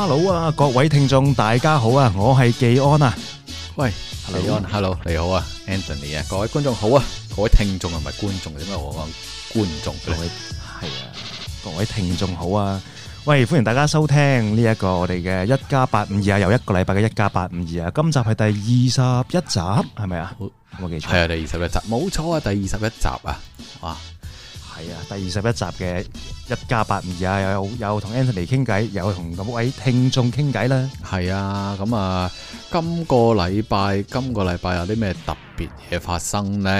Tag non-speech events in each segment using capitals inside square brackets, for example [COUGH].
Hello 啊，各位聽眾大家好啊，我係紀安啊。喂，Hello，Hello，你好啊，Anthony 啊，各位觀眾好啊，各位聽眾啊，唔係觀眾，點解我講觀眾咧？係啊，各位聽眾好啊，喂，歡迎大家收聽呢一個我哋嘅一家八五二啊，又一個禮拜嘅一家八五二啊，今集係第二十一集係咪啊？有冇記錯？係啊，第二十一集，冇錯啊，第二十一集啊，哇！係啊，第二十一集嘅一家八五二啊，又有同 Anthony 傾偈，又有同各位聽眾傾偈啦。係啊，咁啊，今個禮拜，今個禮拜有啲咩特別嘢發生呢？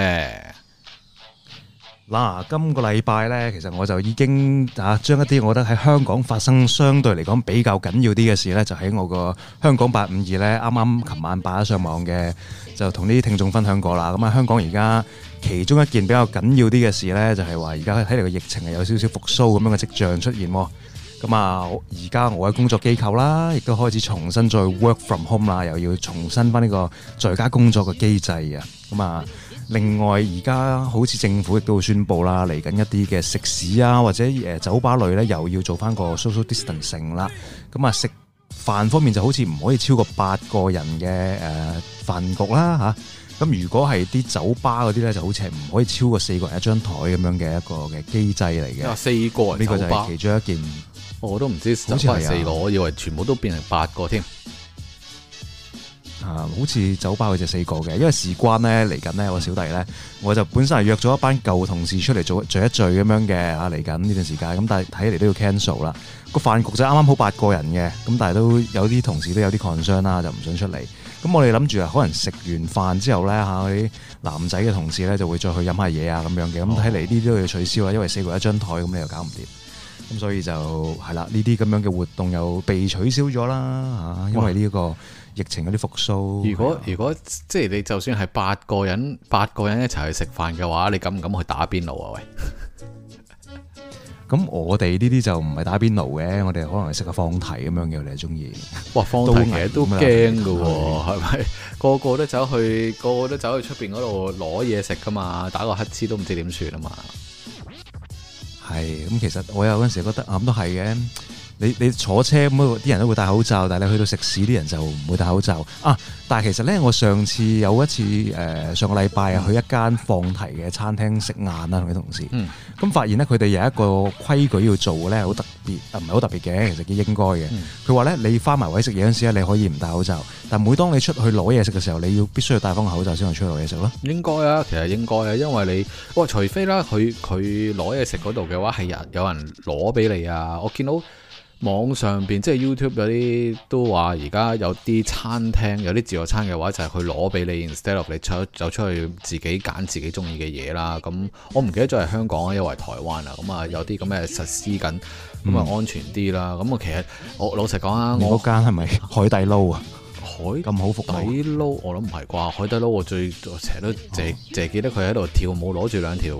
嗱、啊，今個禮拜呢，其實我就已經啊，將一啲我覺得喺香港發生相對嚟講比較緊要啲嘅事呢，就喺、是、我個香講八五二呢。啱啱琴晚擺咗上網嘅，就同啲聽眾分享過啦。咁啊，香港而家。其中一件比較緊要啲嘅事呢，就係話而家睇嚟個疫情係有少少復甦咁樣嘅跡象出現喎。咁啊，而家我嘅工作機構啦，亦都開始重新再 work from home 啦，又要重新翻呢個在家工作嘅機制啊。咁啊，另外而家好似政府亦都會宣布啦，嚟緊一啲嘅食肆啊，或者誒酒吧類呢，又要做翻個 social distancing 啦。咁啊，食飯方面就好似唔可以超過八個人嘅誒飯局啦嚇。咁如果係啲酒吧嗰啲咧，就好似唔可以超過四個人一張台咁樣嘅一個嘅機制嚟嘅。四個酒吧，呢個就係其中一件。哦，我都唔知好似係酒吧四個，我以為全部都變成八個添。啊、好似酒吧佢就四個嘅，因為事關呢。嚟緊呢，我小弟呢，我就本身係約咗一班舊同事出嚟做聚一聚咁樣嘅啊，嚟緊呢段時間，咁但係睇嚟都要 cancel 啦。個飯局就啱啱好八個人嘅，咁但係都有啲同事都有啲 concern 啦，就唔想出嚟。咁我哋諗住可能食完飯之後呢，吓、啊，啲男仔嘅同事呢就會再去飲下嘢啊咁樣嘅，咁睇嚟呢啲都要取消呀，哦，因為四個一張台咁，你又搞唔掂。咁所以就係啦，呢啲咁樣嘅活動又被取消咗啦，啊、因為呢個。疫情嗰啲復蘇，如果如果即係你就算係八個人，八個人一齊去食飯嘅話，你敢唔敢去打邊爐啊？喂，咁我哋呢啲就唔係打邊爐嘅，我哋可能係食個放題咁樣嘅，我哋係中意。哇，放題嘅都驚噶，係咪、啊？個個都走去，個個都走去出邊嗰度攞嘢食噶嘛，打個乞嗤都唔知點算啊嘛。係，咁其實我有嗰時覺得咁都係嘅。這你你坐車咁啲人都會戴口罩，但係你去到食肆，啲人就唔會戴口罩啊！但係其實咧，我上次有一次、呃、上個禮拜啊，去一間放題嘅餐廳食晏啦，同啲同事，咁、嗯、發現呢佢哋有一個規矩要做呢，咧，好特別，唔係好特別嘅，其實應該嘅。佢話咧，你翻埋位食嘢嗰時你可以唔戴口罩，但每當你出去攞嘢食嘅時候，你要必須要戴翻個口罩先可以出去攞嘢食咯。應該啊，其實應該啊，因為你哇、哦，除非啦，佢佢攞嘢食嗰度嘅話係人有人攞俾你啊，我見到。網上邊即係 YouTube 有啲都話而家有啲餐廳有啲自助餐嘅話就係佢攞俾你，instead of 你出走出去自己揀自己中意嘅嘢啦。咁我唔記得咗係香港啊，因為台灣啊？咁啊有啲咁嘅實施緊，咁啊安全啲啦。咁、嗯、我其實我老實講啊，我嗰間係咪海底撈啊？海底撈？咁好服務嘅？我諗唔係啩？海底撈我最我成日都淨係、啊、記得佢喺度跳舞攞住兩條。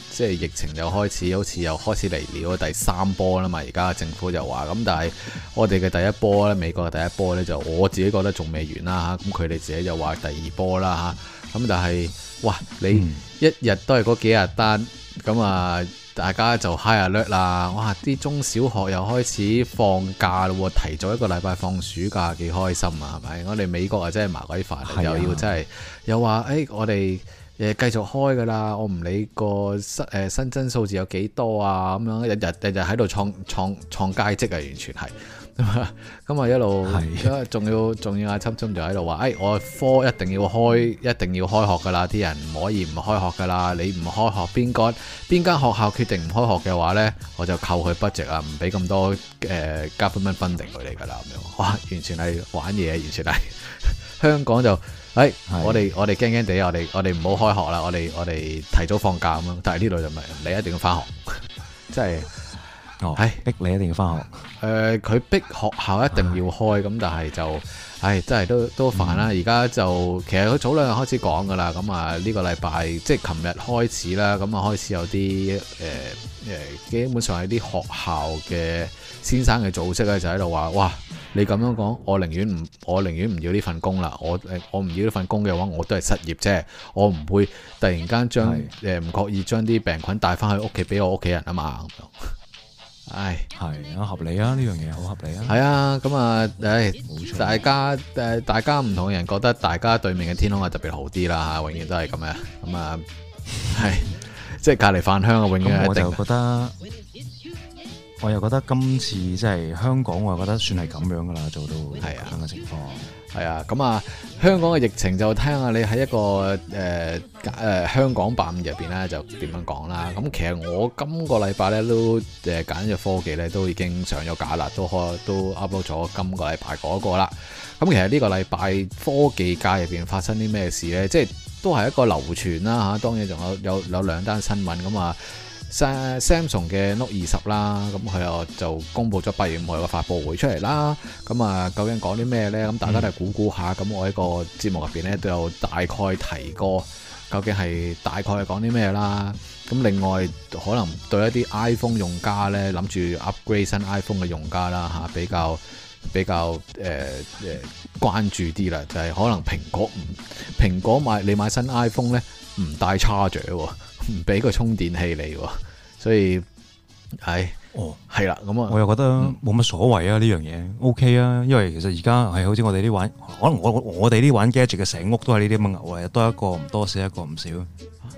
即係疫情又開始，好似又開始嚟了第三波啦嘛！而家政府又話咁，但係我哋嘅第一波咧，美國嘅第一波咧，就我自己覺得仲未完啦嚇。咁佢哋自己又話第二波啦嚇。咁但係哇，你一日都係嗰幾十單咁、嗯、啊，大家就嗨下叻啦。哇！啲中小學又開始放假咯喎，提早一個禮拜放暑假，幾開心啊，係咪？我哋美國啊，真係麻鬼煩，又要真係、啊、又話誒、哎，我哋。繼續開噶啦，我唔理個新誒新增數字有幾多啊，咁樣日日日日喺度創創創佳績啊，完全係，咁啊，一路，係，仲要仲要阿侵侵就喺度話，誒，我科一定要開，一定要開學噶啦，啲人唔可以唔開學噶啦，你唔開學邊間邊間學校決定唔開學嘅話呢，我就扣佢 budget 啊，唔俾咁多誒 government funding 佢哋噶啦。咁、呃、樣，哇，完全係玩嘢，完全係香港就。誒、哎，我哋我哋驚驚地，我哋我哋唔好開學啦，我哋我哋提早放假咁樣，但係呢度就唔係，你一定要翻學，即係，係、哦哎、逼你一定要翻學。誒、呃，佢逼學校一定要開，咁但係就，唉、哎，真係都都煩啦。而、嗯、家就其實佢早兩日開始講噶啦，咁啊呢個禮拜即係琴日開始啦，咁啊開始有啲誒誒，基本上係啲學校嘅先生嘅組織咧，就喺度話，哇！你咁樣講，我寧願唔，我寧願唔要呢份工啦。我誒，我唔要呢份工嘅話，我都係失業啫。我唔會突然間將誒唔、呃、確意將啲病菌帶翻去屋企俾我屋企人啊嘛。唉，係好合理啊，呢樣嘢好合理啊。係啊，咁啊，誒，大家誒，大家唔同嘅人覺得，大家對面嘅天空係特別好啲啦。嚇，永遠都係咁樣。咁啊，係，即 [LAUGHS] 係隔離飯香，啊，永遠係一定。我又覺得今次即係香港，我又覺得算係咁樣噶啦，做到咁嘅情況。係啊，咁啊，啊，香港嘅疫情就聽下你喺一個誒誒、呃呃、香港版入邊咧，就點樣講啦？咁其實我今個禮拜咧都誒揀咗科技咧，都已經上咗架啦，都開都 upload 咗今個禮拜嗰個啦。咁其實呢個禮拜科技界入邊發生啲咩事咧？即係都係一個流傳啦嚇。當然仲有有有兩單新聞咁啊。Samsung 嘅 Note 二十啦，咁佢又就公布咗八月五號嘅發布會出嚟啦。咁啊，究竟講啲咩呢？咁大家都係估估下。咁、嗯、我喺個節目入邊咧都有大概提過，究竟係大概係講啲咩啦？咁另外可能對一啲 iPhone 用家咧諗住 upgrade 新 iPhone 嘅用家啦吓，比較比較誒誒、呃、關注啲啦，就係、是、可能蘋果唔蘋果買你買新 iPhone 咧唔帶 charger 喎。唔俾個充電器你喎，所以唉。唉哦。係啦，咁啊，我又覺得冇乜所謂啊，呢、嗯、樣嘢 O K 啊，因為其實而家係好似我哋啲玩，可能我我哋啲玩 gadget 嘅成屋都係呢啲咁嘅牛啊，多一個唔多，少一個唔少，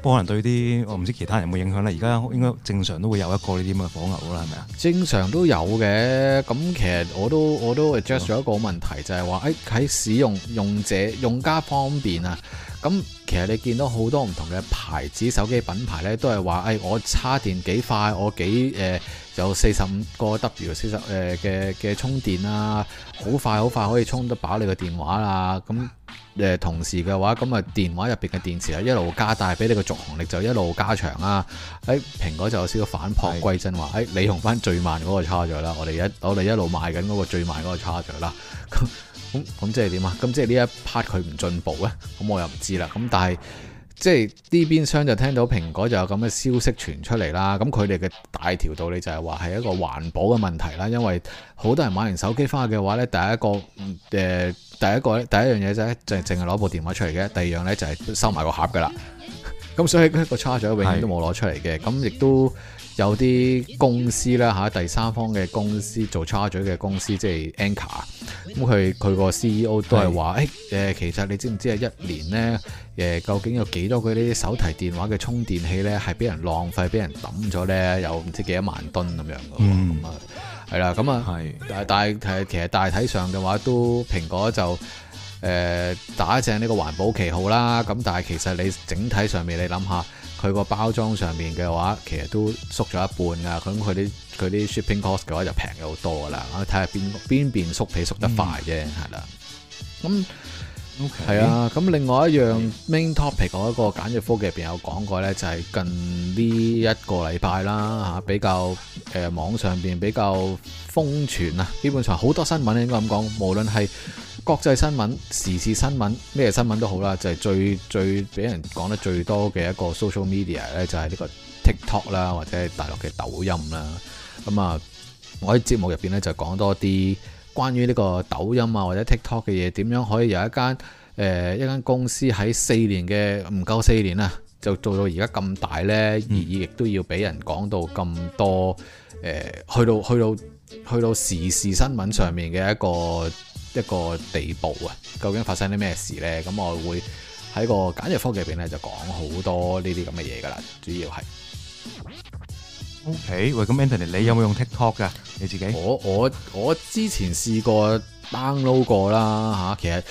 不過可能對啲我唔知其他人有冇影響啦。而家應該正常都會有一個呢啲咁嘅火牛啦，係咪啊？正常都有嘅，咁其實我都我都 adjust 咗一個問題，嗯、就係話誒喺使用用者用家方面啊，咁其實你見到好多唔同嘅牌子手機品牌咧，都係話誒我插電幾快，我幾誒。呃有四十五個 W 四十誒嘅嘅充電啊，好快好快可以充得飽你個電話啦。咁誒、呃、同時嘅話，咁啊電話入邊嘅電池啊，一路加大，俾你個續航力就一路加長啊。誒、欸、蘋果就有少少返璞歸真話，誒、欸、你用翻最慢嗰個叉嘴啦，我哋一我哋一路賣緊嗰個最慢嗰個叉嘴啦。咁咁咁即係點啊？咁即係呢一 part 佢唔進步咧，咁我又唔知啦。咁但係。即係呢邊廂就聽到蘋果就有咁嘅消息傳出嚟啦，咁佢哋嘅大條道理就係話係一個環保嘅問題啦，因為好多人買完手機翻去嘅話呢，第一個、呃、第一個第一樣嘢就係淨係攞部電話出嚟嘅，第二樣呢就係、是、收埋個盒噶啦，咁所以個叉仔永遠都冇攞出嚟嘅，咁亦都。有啲公司咧嚇，第三方嘅公司做 charger 嘅公司，即係 Anchor。咁佢佢個 CEO 都係話：是「誒、欸，誒、呃，其實你知唔知啊？一年呢誒、呃，究竟有幾多嗰啲手提電話嘅充電器呢？係俾人浪費、俾人抌咗呢，有唔知幾多萬噸咁樣嘅。嗯。係啦，咁、嗯、啊。係。但係但係其實大體上嘅話，都蘋果就誒、呃、打正呢個環保旗號啦。咁但係其實你整體上面你諗下。佢個包裝上面嘅話，其實都縮咗一半噶，咁佢啲佢啲 shipping cost 嘅話就平咗好多噶啦，睇下邊邊邊縮皮縮得快啫，係、嗯、啦。咁，係啊。咁、okay，另外一樣 main topic 嗰一個簡約科技入邊有講過咧，就係、是、近呢一個禮拜啦嚇，比較誒、呃、網上邊比較瘋傳啊，基本上好多新聞應該咁講，無論係。國際新聞、時事新聞，咩新聞都好啦，就係、是、最最俾人講得最多嘅一個 social media 呢就係、是、呢個 TikTok 啦，或者係大陸嘅抖音啦。咁啊，我喺節目入邊呢，就講多啲關於呢個抖音啊或者 TikTok 嘅嘢，點樣可以有一間誒、呃、一間公司喺四年嘅唔夠四年啊，就做到而家咁大咧、嗯，而亦都要俾人講到咁多誒、呃，去到去到去到時事新聞上面嘅一個。一個地步啊！究竟發生啲咩事咧？咁我會喺個簡約科技入邊咧就講好多呢啲咁嘅嘢㗎喇，主要係。OK，喂，咁 Anthony，你有冇用 TikTok 㗎？你自己？我我我之前試過 download 過啦吓，其實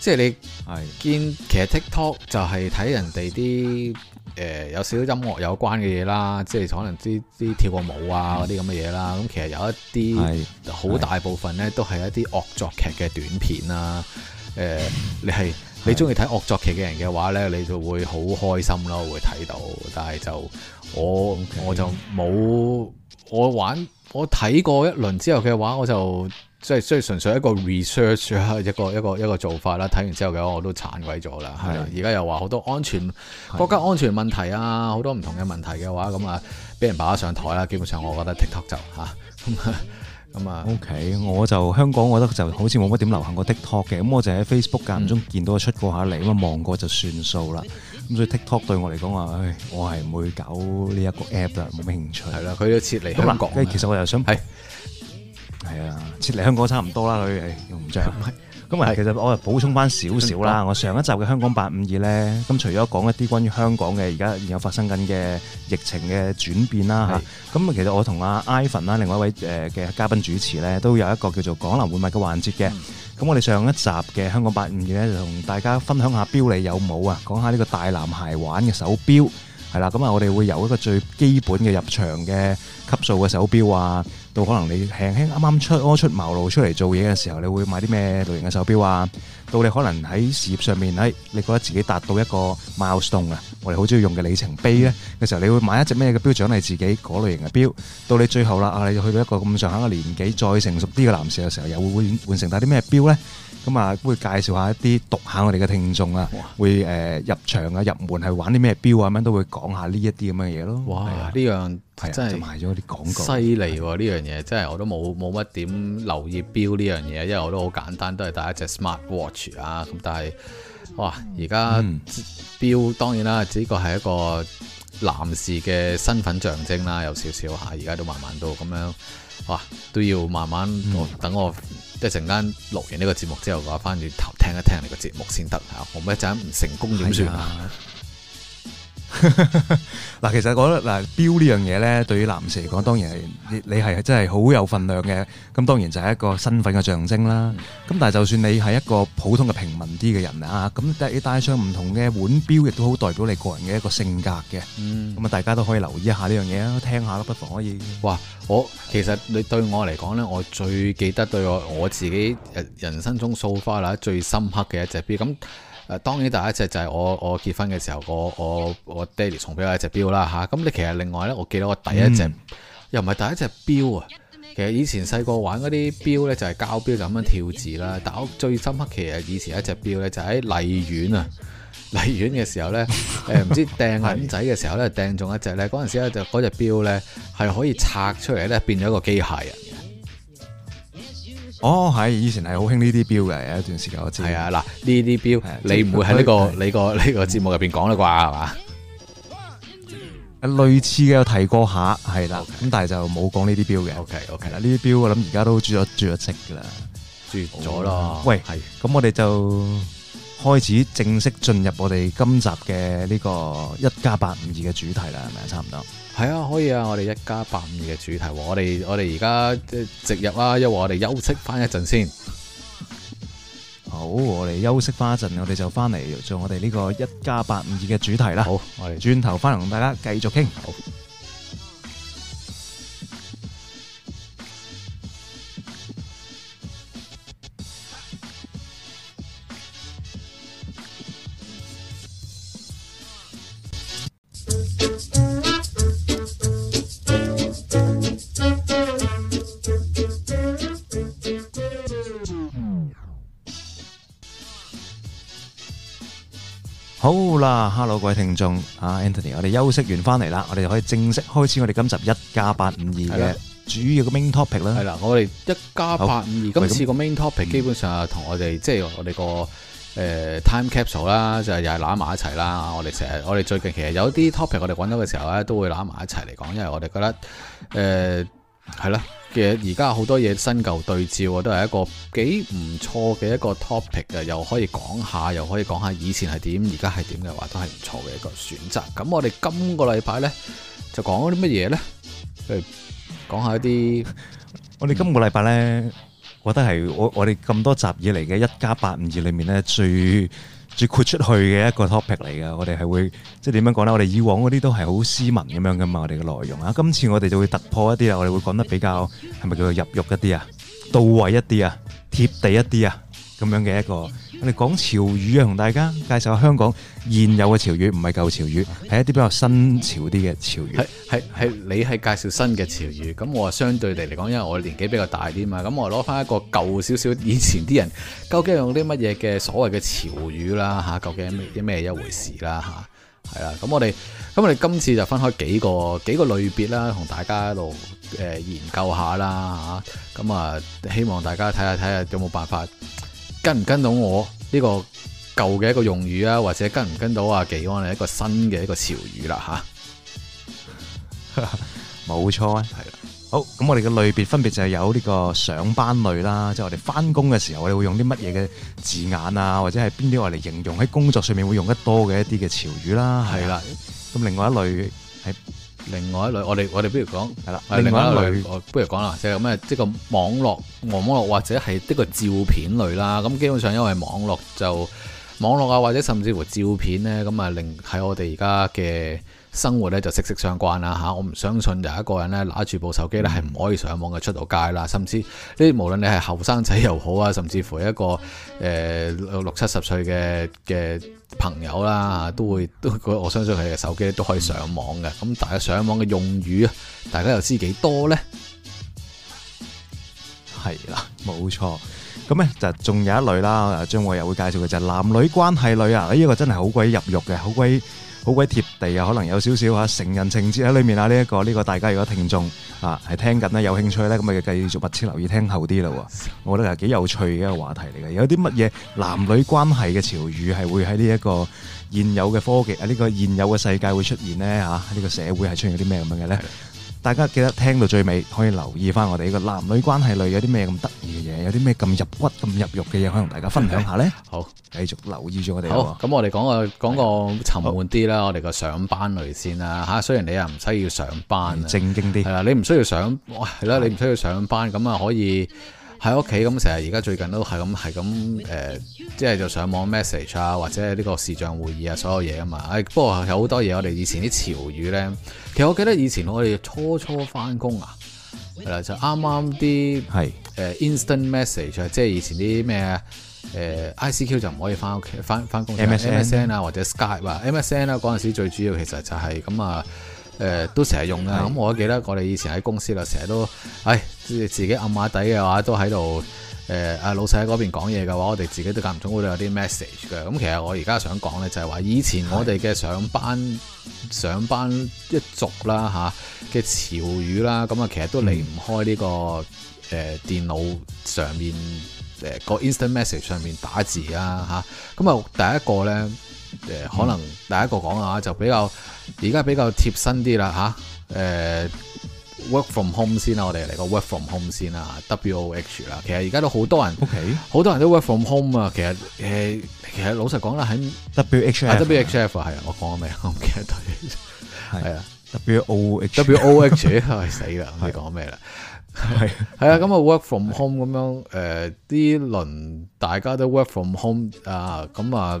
即係你係見其實 TikTok 就係睇人哋啲。誒、呃、有少少音樂有關嘅嘢啦，即係可能啲啲跳個舞啊嗰啲咁嘅嘢啦。咁其實有一啲好大部分呢，都係一啲惡作劇嘅短片啦、啊。誒、呃，你係你中意睇惡作劇嘅人嘅話呢，你就會好開心咯，會睇到。但係就我我就冇我玩我睇過一輪之後嘅話，我就。即係即係純粹一個 research 一個一個一個做法啦。睇完之後嘅話，我都慘鬼咗啦。係，而家又話好多安全國家安全問題啊，好多唔同嘅問題嘅話，咁啊俾人擺上台啦。基本上，我覺得 TikTok 就吓，咁啊。咁、嗯、啊、嗯嗯、，OK，我就香港，我覺得就好似冇乜點流行過 TikTok 嘅。咁我就喺 Facebook 間中見到、嗯、出過下嚟，咁啊望過就算數啦。咁所以 TikTok 對我嚟講話，唉，我係唔會搞呢一個 app 啦，冇咩興趣。係啦，佢要撤離香港、嗯。其實我又想係啊，撤嚟香港差唔多啦佢，又唔着唔係。咁啊，其實我啊補充翻少少啦。我上一集嘅香港八五二咧，咁除咗講一啲關於香港嘅而家而有發生緊嘅疫情嘅轉變啦吓，咁啊，其實我同阿 Ivan 啦，另外一位誒嘅嘉賓主持咧，都有一個叫做港男會物嘅環節嘅。咁我哋上一集嘅香港八五二咧，就同大家分享下表你有冇啊？講下呢個大男孩玩嘅手表係啦。咁啊，我哋會有一個最基本嘅入場嘅級數嘅手表啊。到可能你輕輕啱啱出初出茅廬出嚟做嘢嘅時候，你會買啲咩類型嘅手表啊？到你可能喺事業上面，喺你覺得自己達到一個 milestone 啊，我哋好中意用嘅里程碑咧嘅時候，你會買一隻咩嘅表獎勵自己？嗰類型嘅表，到你最後啦，啊，你去到一個咁上下嘅年紀，再成熟啲嘅男士嘅時候，又會換換成戴啲咩表咧？咁啊，會介紹下一啲讀下我哋嘅聽眾啊，會、呃、誒入場啊、入門係玩啲咩表啊，咁樣都會講下呢一啲咁嘅嘢咯。哇！呢、啊、樣係、啊、真係就賣咗啲廣告，犀利喎！呢樣嘢真係我都冇冇乜點留意表呢樣嘢，因為我都好簡單，都係戴一隻 smart watch 啊。咁但係，哇！而家表當然啦，只、這個係一個。男士嘅身份象徵啦，有少少吓，而家都慢慢都咁樣，哇，都要慢慢、嗯、等我一陣間錄完呢個節目之後，話翻轉頭聽一聽呢個節目先得嚇，我一陣唔成功點算啊？嗱，其實我覺得嗱，表呢樣嘢咧，對於男士嚟講，當然係你你係真係好有份量嘅，咁當然就係一個身份嘅象徵啦。咁但係就算你係一個普通嘅平民啲嘅人啊，咁你戴上唔同嘅腕表，亦都好代表你個人嘅一個性格嘅。咁啊，大家都可以留意一下呢樣嘢啊，聽下啦，不妨可以。哇，我其實你對我嚟講咧，我最記得對我我自己人生中數花啦最深刻嘅一隻表咁。誒、啊、當然第一隻就係我我結婚嘅時候，我我我爹哋送俾我一隻表啦嚇。咁、啊、你其實另外呢，我記得我第一隻、嗯、又唔係第一隻表啊。其實以前細個玩嗰啲表呢，就係膠表咁樣跳字啦。但我最深刻嘅其實以前一隻表呢，就喺荔園啊，荔園嘅時候呢，誒 [LAUGHS] 唔知掟道銀 [LAUGHS] 仔嘅時候呢，掟中一隻，嗰嗰隻，隻呢。嗰陣時咧就嗰隻表呢，係可以拆出嚟呢，變咗一個機械人。哦，係以前係好興呢啲表嘅，有一段時間我知。係啊，嗱呢啲表你唔會喺呢個你個呢個節目入邊講啦啩，係嘛？類似嘅有提過下，係啦，咁但係就冇講呢啲表嘅。OK OK 啦，呢啲表我諗而家都轉咗轉咗職噶啦，轉咗啦。喂，咁我哋就開始正式進入我哋今集嘅呢個一家八五二嘅主題啦，係咪啊？差唔多。係啊，可以啊，我哋一加八五二嘅主題，我哋我哋而家即係直入啦，一為我哋休息翻一陣先，好，我哋休息翻一陣，我哋就翻嚟做我哋呢個一加八五二嘅主題啦。好，我哋轉頭翻嚟同大家繼續傾。好好啦，Hello，各位聽眾，啊，Anthony，我哋休息完翻嚟啦，我哋就可以正式開始我哋今集一加八五二嘅主要嘅 main topic 啦。係啦，我哋一加八五二，今次個 main topic 基本上同我哋、嗯、即係我哋個誒 time capsule 啦，就係又係攬埋一齊啦。我哋成日，我哋最近其實有啲 topic，我哋揾到嘅時候咧，都會攬埋一齊嚟講，因為我哋覺得誒係啦。呃其實而家好多嘢新舊對照啊，都係一個幾唔錯嘅一個 topic 啊，又可以講下，又可以講下以前係點，而家係點嘅話，都係唔錯嘅一個選擇。咁我哋今個禮拜呢，就講啲乜嘢呢？誒，講下一啲，我哋今個禮拜呢，我覺得係我我哋咁多集以嚟嘅一家八五二裏面呢，最最豁出去嘅一個 topic 嚟㗎，我哋係會即係點樣講呢？我哋以往嗰啲都係好斯文咁樣嘅嘛，我哋嘅內容啊，今次我哋就會突破一啲啊，我哋會講得比較係咪叫做入肉一啲啊，到位一啲啊，貼地一啲啊。咁樣嘅一個，我哋講潮語啊，同大家介紹下香港現有嘅潮語，唔係舊潮語，係一啲比較新潮啲嘅潮語。係係係，你係介紹新嘅潮語，咁我相對嚟嚟講，因為我年紀比較大啲嘛，咁我攞翻一個舊少少，以前啲人究竟用啲乜嘢嘅所謂嘅潮語啦、嚇、究竟啲咩一回事啦嚇，係啦。咁、啊、我哋，咁我哋今次就分開幾個幾個類別啦，同大家一路、呃、研究下啦嚇。咁啊，啊，希望大家睇下睇下有冇辦法。跟唔跟到我呢個舊嘅一個用語啊，或者跟唔跟到阿幾安呢一個新嘅一個潮語啦吓，冇錯啊，係 [LAUGHS] 啦，好，咁我哋嘅類別分別就係有呢個上班類啦，即係我哋翻工嘅時候，我哋會用啲乜嘢嘅字眼啊，或者係邊啲我哋形容喺工作上面會用得多嘅一啲嘅潮語啦，係啦，咁另外一類係。另外一類，我哋我哋不如講，係啦，另外一類，類我不如講啦，即係咩？即個網絡、網絡或者係呢個照片類啦。咁基本上因為網絡就網絡啊，或者甚至乎照片呢，咁啊，令喺我哋而家嘅生活呢，就息息相關啦、啊、吓，我唔相信就係一個人呢，拿住部手機呢，係唔可以上網嘅出到街啦，甚至呢啲無論你係後生仔又好啊，甚至乎一個誒六七十歲嘅嘅。朋友啦，都會都，我相信佢哋嘅手機都可以上網嘅。咁大家上網嘅用語啊，大家又知幾多呢？係啦，冇錯。咁咧就仲有一類啦，張偉又會介紹嘅就係、是、男女關係類啊。呢、這、一個真係好鬼入肉嘅，好鬼～好鬼貼地啊！可能有少少嚇成人情節喺裏面啊！呢一個呢個，大家如果聽眾啊係聽緊咧，有興趣咧，咁咪繼續密切留意聽後啲咯喎！我覺得係幾有趣嘅一個話題嚟嘅，有啲乜嘢男女關係嘅潮語係會喺呢一個現有嘅科技啊，呢個現有嘅世界會出現咧？嚇，呢個社會係出現啲咩咁樣嘅咧？大家記得聽到最尾，可以留意翻我哋呢個男女關係類有啲咩咁得意嘅嘢，有啲咩咁入骨、咁入肉嘅嘢，可以同大家分享下呢。好，繼續留意住我哋。好，咁我哋講個講個沉悶啲啦，我哋個上班類先啦嚇。雖然你又唔需要上班，正經啲。係啦，你唔需要上，係啦，你唔需要上班，咁啊可以。喺屋企咁成日，而家最近都係咁，係咁誒，即、呃、係就是、上網 message 啊，或者呢個視像會議啊，所有嘢啊嘛。誒、哎，不過有好多嘢，我哋以前啲潮語呢，其實我記得以前我哋初初翻工啊，係啦，就啱啱啲係誒 instant message，啊、呃，即係以前啲咩誒 ICQ 就唔可以翻屋企翻翻工 MSN 啊，或者 Skype 啊，MSN 啊，嗰陣時最主要其實就係、是、咁啊。誒、呃、都成日用噶，咁我記記得我哋以前喺公司喇，成日都，誒、哎、自己暗碼底嘅話都喺度，誒、呃、老細喺嗰邊講嘢嘅話，我哋自己都間唔中會有啲 message 嘅。咁、嗯、其實我而家想講咧，就係話以前我哋嘅上班上班一族啦嚇嘅潮語啦，咁啊其實都離唔開呢、這個誒、嗯呃、電腦上面誒個 instant message 上面打字啦嚇，咁啊第一個咧。誒，可能第一個講啊，就比較而家比較貼身啲啦吓。誒，work from home 先啦，我哋嚟個 work from home 先啦，W O H 啦。其實而家都好多人，OK，好多人都 work from home 啊。其實誒，其實老實講啦，喺 W H W H F 係，我講咩？我唔記得咗。係啊，W O W O H 死啦，你講咩啦？係係啊，咁啊 work from home 咁樣，誒，呢輪大家都 work from home 啊，咁啊。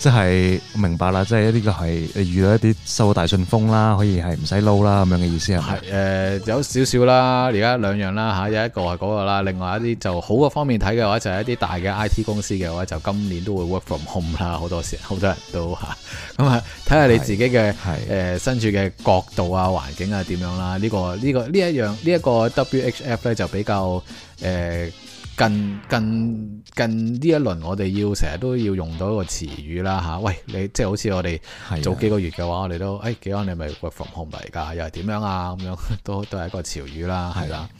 即係明白啦，即係呢個係，你遇到一啲收大信封啦，可以係唔使撈啦，咁樣嘅意思係咪？係誒有少少啦，而家兩樣啦嚇，有一個係嗰個啦，另外一啲就好嘅方面睇嘅話，就係一啲大嘅 I T 公司嘅話，就今年都會 work from home 啦，好多時好多人都嚇。咁啊，睇下你自己嘅誒身處嘅角度啊、環境啊點樣啦？呢個呢個呢一樣呢一個 W H F 咧就比較誒。近近近呢一輪我，我哋要成日都要用到一個詞語啦吓喂，你即係好似我哋早幾個月嘅話，我哋都誒、哎、幾多你咪防控嚟㗎，又係點樣啊咁樣，都都係一個潮語啦，係啦。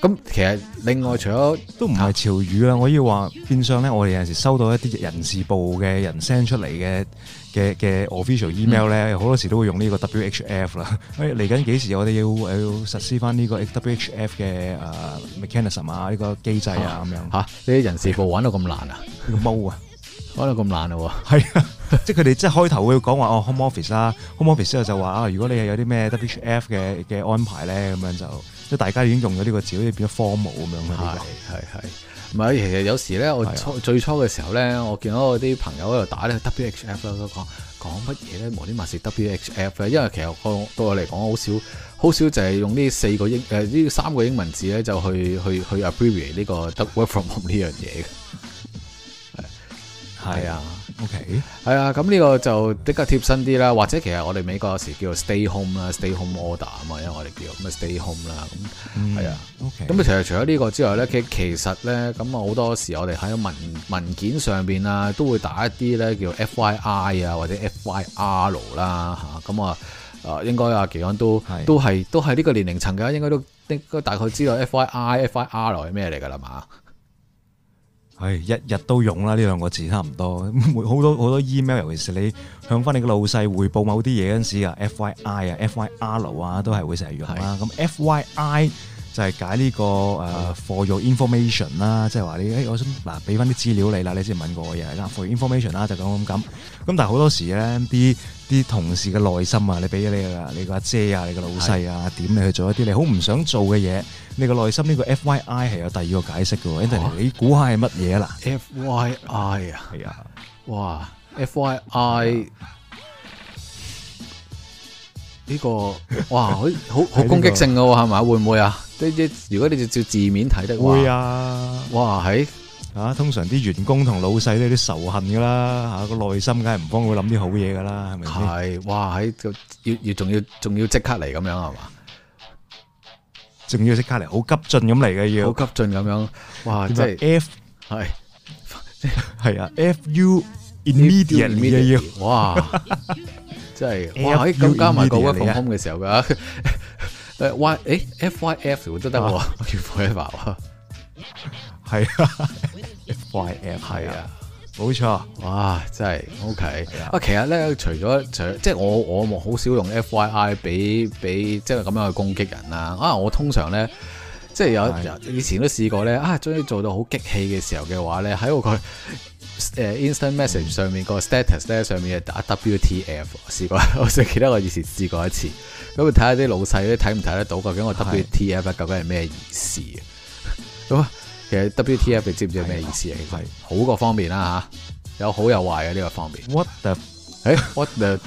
咁其實另外除咗都唔係潮語啦、啊，我要話變相咧，我哋有陣時收到一啲人事部嘅人聲出嚟嘅。嘅嘅 official email 咧，嗯，好多時都會用呢個 WHF 啦。嚟緊幾時我哋要要實施翻呢個 WHF 嘅，uh, mechanism 啊，呢、呢個機制啊咁樣啊，你呢啲人事部玩到咁難啊？個毛啊！玩到咁難咯喎！係啊， [LAUGHS] 啊啊 [LAUGHS] 即係佢哋即係開頭會講話哦 home office 啦，home office 之後就話啊，如果你係有啲咩 WHF 嘅嘅安排咧，咁樣就即大家已經用咗呢個字，好似變咗 formal 咁樣嘅。係係係。唔係，其實有時咧，我初最初嘅時候咧，我見到我啲朋友喺度打咧 W H F 啦，都講講乜嘢咧，無端端係 W H F 咧，因為其實我對我嚟講，好少好少就係用呢四個英誒呢、呃、三個英文字咧，就去去去 abbreviate 呢、這個 work from home 呢樣嘢嘅，係、這、啊、個。 [LAUGHS] O K，係啊，咁呢個就比較貼身啲啦，或者其實我哋美國有時叫做 Stay Home 啦、mm -hmm.，Stay Home Order 啊嘛，因為我哋叫咁 Stay Home 啦，咁係啊，O K，咁其實除咗呢個之外咧，其其實咧，咁啊好多時我哋喺文文件上邊啊，都會打一啲咧叫 F Y I 啊或者 F Y R 啦，吓，咁啊，誒、啊啊啊，應該啊奇安都都係都係呢個年齡層嘅，應該都應該大概知道 F Y I F Y R 係咩嚟噶啦嘛。唉、哎，日日都用啦呢兩個字，差唔多，好多好多 email，尤其是你向翻你個老細匯報某啲嘢嗰陣時啊，F Y I 啊，F Y R 流啊，都係會成日用啦。咁 F Y I 就係解呢、這個誒、uh, for your information 啦，即係話你誒，我想嗱，俾翻啲資料你啦，你先問過我嘢啦 for your information 啦，就咁咁咁。咁但係好多時咧，啲啲同事嘅內心啊，你俾咗你噶，你個阿姐啊，你個老細啊，點你去做一啲你好唔想做嘅嘢？你內內心呢個 F Y I 係有第二個解釋嘅、啊、你估下係乜嘢啊？F Y I 啊，係啊，哇，F Y I 呢、 [LAUGHS] 呢個哇，好好好攻擊性嘅係咪？會唔會啊？如果你就照字面睇得會啊？哇喺啊，通常啲員工同老細都有啲仇恨噶啦，吓個內心梗係唔會諗啲好嘢噶啦，係咪先？係哇喺要要仲要仲要即刻嚟，咁樣係嘛？仲要即刻嚟，好急進咁嚟嘅嘢，好急進咁樣，哇！即係 F 係，即係係啊，F U immediate 哇，即係哇！咁加埋個 Y 放空嘅時候㗎，誒 Y 誒 F Y F 都得喎，叫佢爸爸，係啊，F Y F 係啊。冇錯，哇，真係 OK 的啊！其實咧，除咗除，即係我我好少用 FYI 俾俾，即係咁樣去攻擊人啦。啊，我通常咧，即係有是以前都試過咧，啊，終於做到好激氣嘅時候嘅話咧，喺個誒 Instant Message 上面個 Status 咧上面嘅打 WTF，試過我記得我以前試過一次，咁睇下啲老細啲睇唔睇得到，到我究竟個 WTF 究竟係咩意思咁啊。其實 WTF 你知唔知係咩意思啊？其實好個方面啦、啊、吓、啊，有好有壞嘅呢個方面。What the？誒、欸、What the？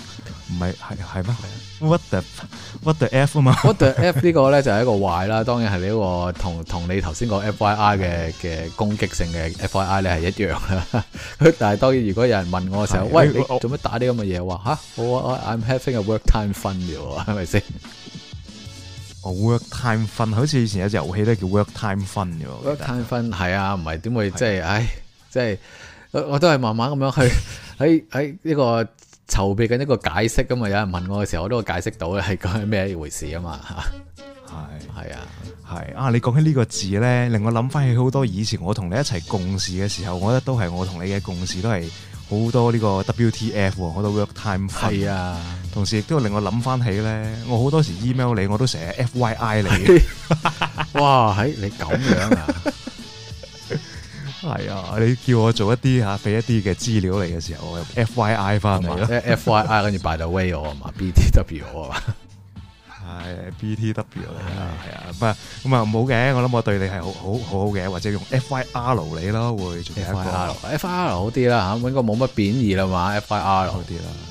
唔係係係咩？What the？What the F 啊嘛？What the F, What the f, What the f、 [LAUGHS] 這個、呢個咧就係、是、一個壞啦，當然係呢、這個同同你頭先個 FYI 嘅嘅攻擊性嘅 FYI 咧係一樣啦。 [LAUGHS] 但係當然如果有人問我嘅時候，喂，你做乜打啲咁嘅嘢？話吓，好啊我，I'm having a work time fun 嘅喎，係咪先？A、work time fun，好似以前有隻遊戲咧叫 work time fun 嘅 work time fun 係啊，唔係點會即係，唉，即係我，我都係慢慢咁樣去喺喺呢個籌備緊呢個解釋咁嘛，有人問我嘅時候，我都會解釋到係講係咩一回事啊嘛，係係啊係啊，你講起呢個字咧，令我諗翻起好多以前我同你一齊共事嘅時候，我覺得都係我同你嘅共事都係好多呢個 WTF 好多 work time fun 係啊。同時亦都令我諗翻起咧，我好多時 email 你，我都寫 F Y I 你，哇，係你咁樣啊，係啊，你叫我做一啲吓，俾一啲嘅資料嚟嘅時候，我用 F Y I 翻你咯，F Y I 跟住 by the way 我啊嘛，B T W 我啊嘛，係 B T W 啊，係啊，唔係咁啊，唔好嘅，我諗我對你係好好好好嘅，或者用 F Y R 你咯，會做一個 F Y R 好啲啦吓，應該冇乜貶義啦嘛，F Y R 好啲啦。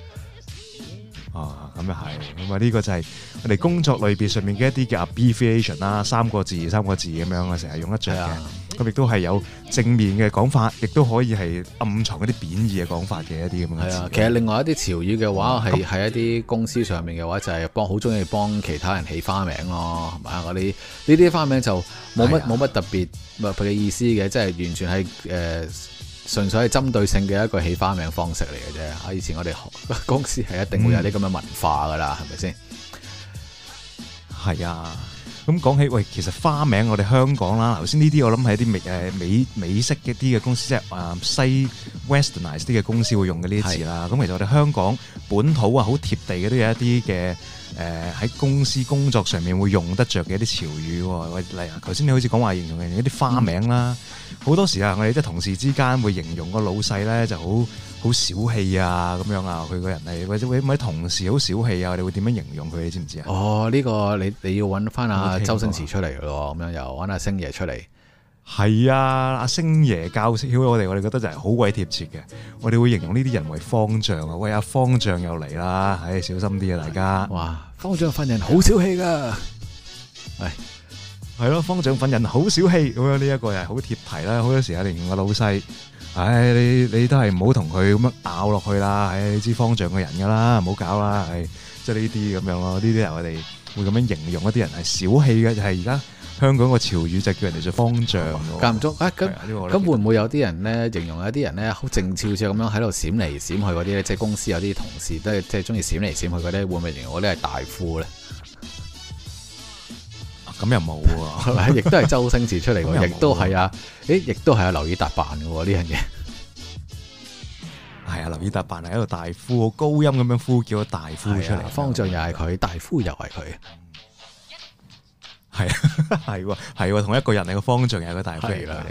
咁又係，咁啊，呢個就係我哋工作類別上面嘅一啲嘅 abbreviation 啦，三個字三個字咁樣我成日用得着嘅。咁、啊、亦、嗯、都係有正面嘅講法，亦都可以係暗藏一啲貶義嘅講法嘅一啲咁嘅。其實另外一啲潮語嘅話，係、啊、喺一啲公司上面嘅話，就係幫好中意幫其他人起花名咯，係嘛？我哋呢啲花名就冇乜冇乜特別佢嘅意思嘅，即係完全係誒。呃純粹係針對性嘅一個起花名方式嚟嘅啫，啊！以前我哋公司係一定會有啲咁嘅文化噶啦，係咪先？係啊，咁講起喂，其實花名我哋香港啦，頭先呢啲我諗係一啲美誒美美式嘅啲嘅公司，即係啊西 westernized 啲嘅公司會用嘅呢啲字啦。咁其實我哋香港本土啊，好貼地嘅都有一啲嘅。誒喺公司工作上面會用得着嘅一啲潮語，喂，例如頭先你好似講話形容人一啲花名啦，好、嗯、多時啊，我哋即係同事之間會形容個老細咧就好好小氣啊咁樣啊，佢個人係或者同事好小氣啊？你會點樣形容佢？你知唔知啊？哦，呢、呢個你你要搵翻阿周星馳出嚟咯，咁、okay. 樣又搵阿星爺出嚟。係啊，阿星爺教識我哋，我哋覺得就係好鬼貼切嘅。我哋會形容呢啲人為方丈啊，喂，阿方丈又嚟啦，唉，小心啲啊，大家。哇，方丈份人好小氣噶，係係咯，方丈份人好小氣，咁樣呢一個又係好貼題啦。好多時阿連嘅老細，唉，你你都係唔好同佢咁樣拗落去啦。唉，你知方丈嘅人噶啦，唔好搞啦。係即係呢啲咁樣咯，呢啲係我哋會咁樣形容一啲人係小氣嘅，就係而家。香港個潮語就叫人哋做方丈，間唔中咁，咁會唔會有啲人呢，形容一啲人呢，好靜悄悄咁樣喺度閃嚟閃去嗰啲咧？即係、啊就是、公司有啲同事都係即係中意閃嚟閃去嗰啲，會唔會形容嗰啲係大夫呢？咁又冇喎，亦、啊啊、都係周星馳出嚟，亦都係啊！誒，亦都係阿劉以達扮嘅喎呢樣嘢。係啊，劉以達扮係一個大夫高音咁樣呼，叫個大夫大夫出嚟、啊。方丈又係佢， [LAUGHS] 大夫又係佢。係 [LAUGHS] 啊，係喎，啊，係喎、啊，同一個人，嚟個方丈又個大肥啦，啊，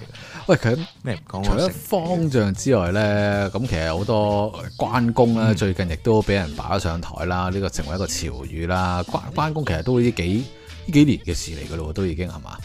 喂，佢咩唔講？除咗方丈之外咧，咁、啊、其實好多關公咧，最近亦都俾人擺咗上台啦，呢、嗯呢個成為一個潮語啦。關關公其實都呢幾呢幾年嘅事嚟噶咯，都已經係嘛？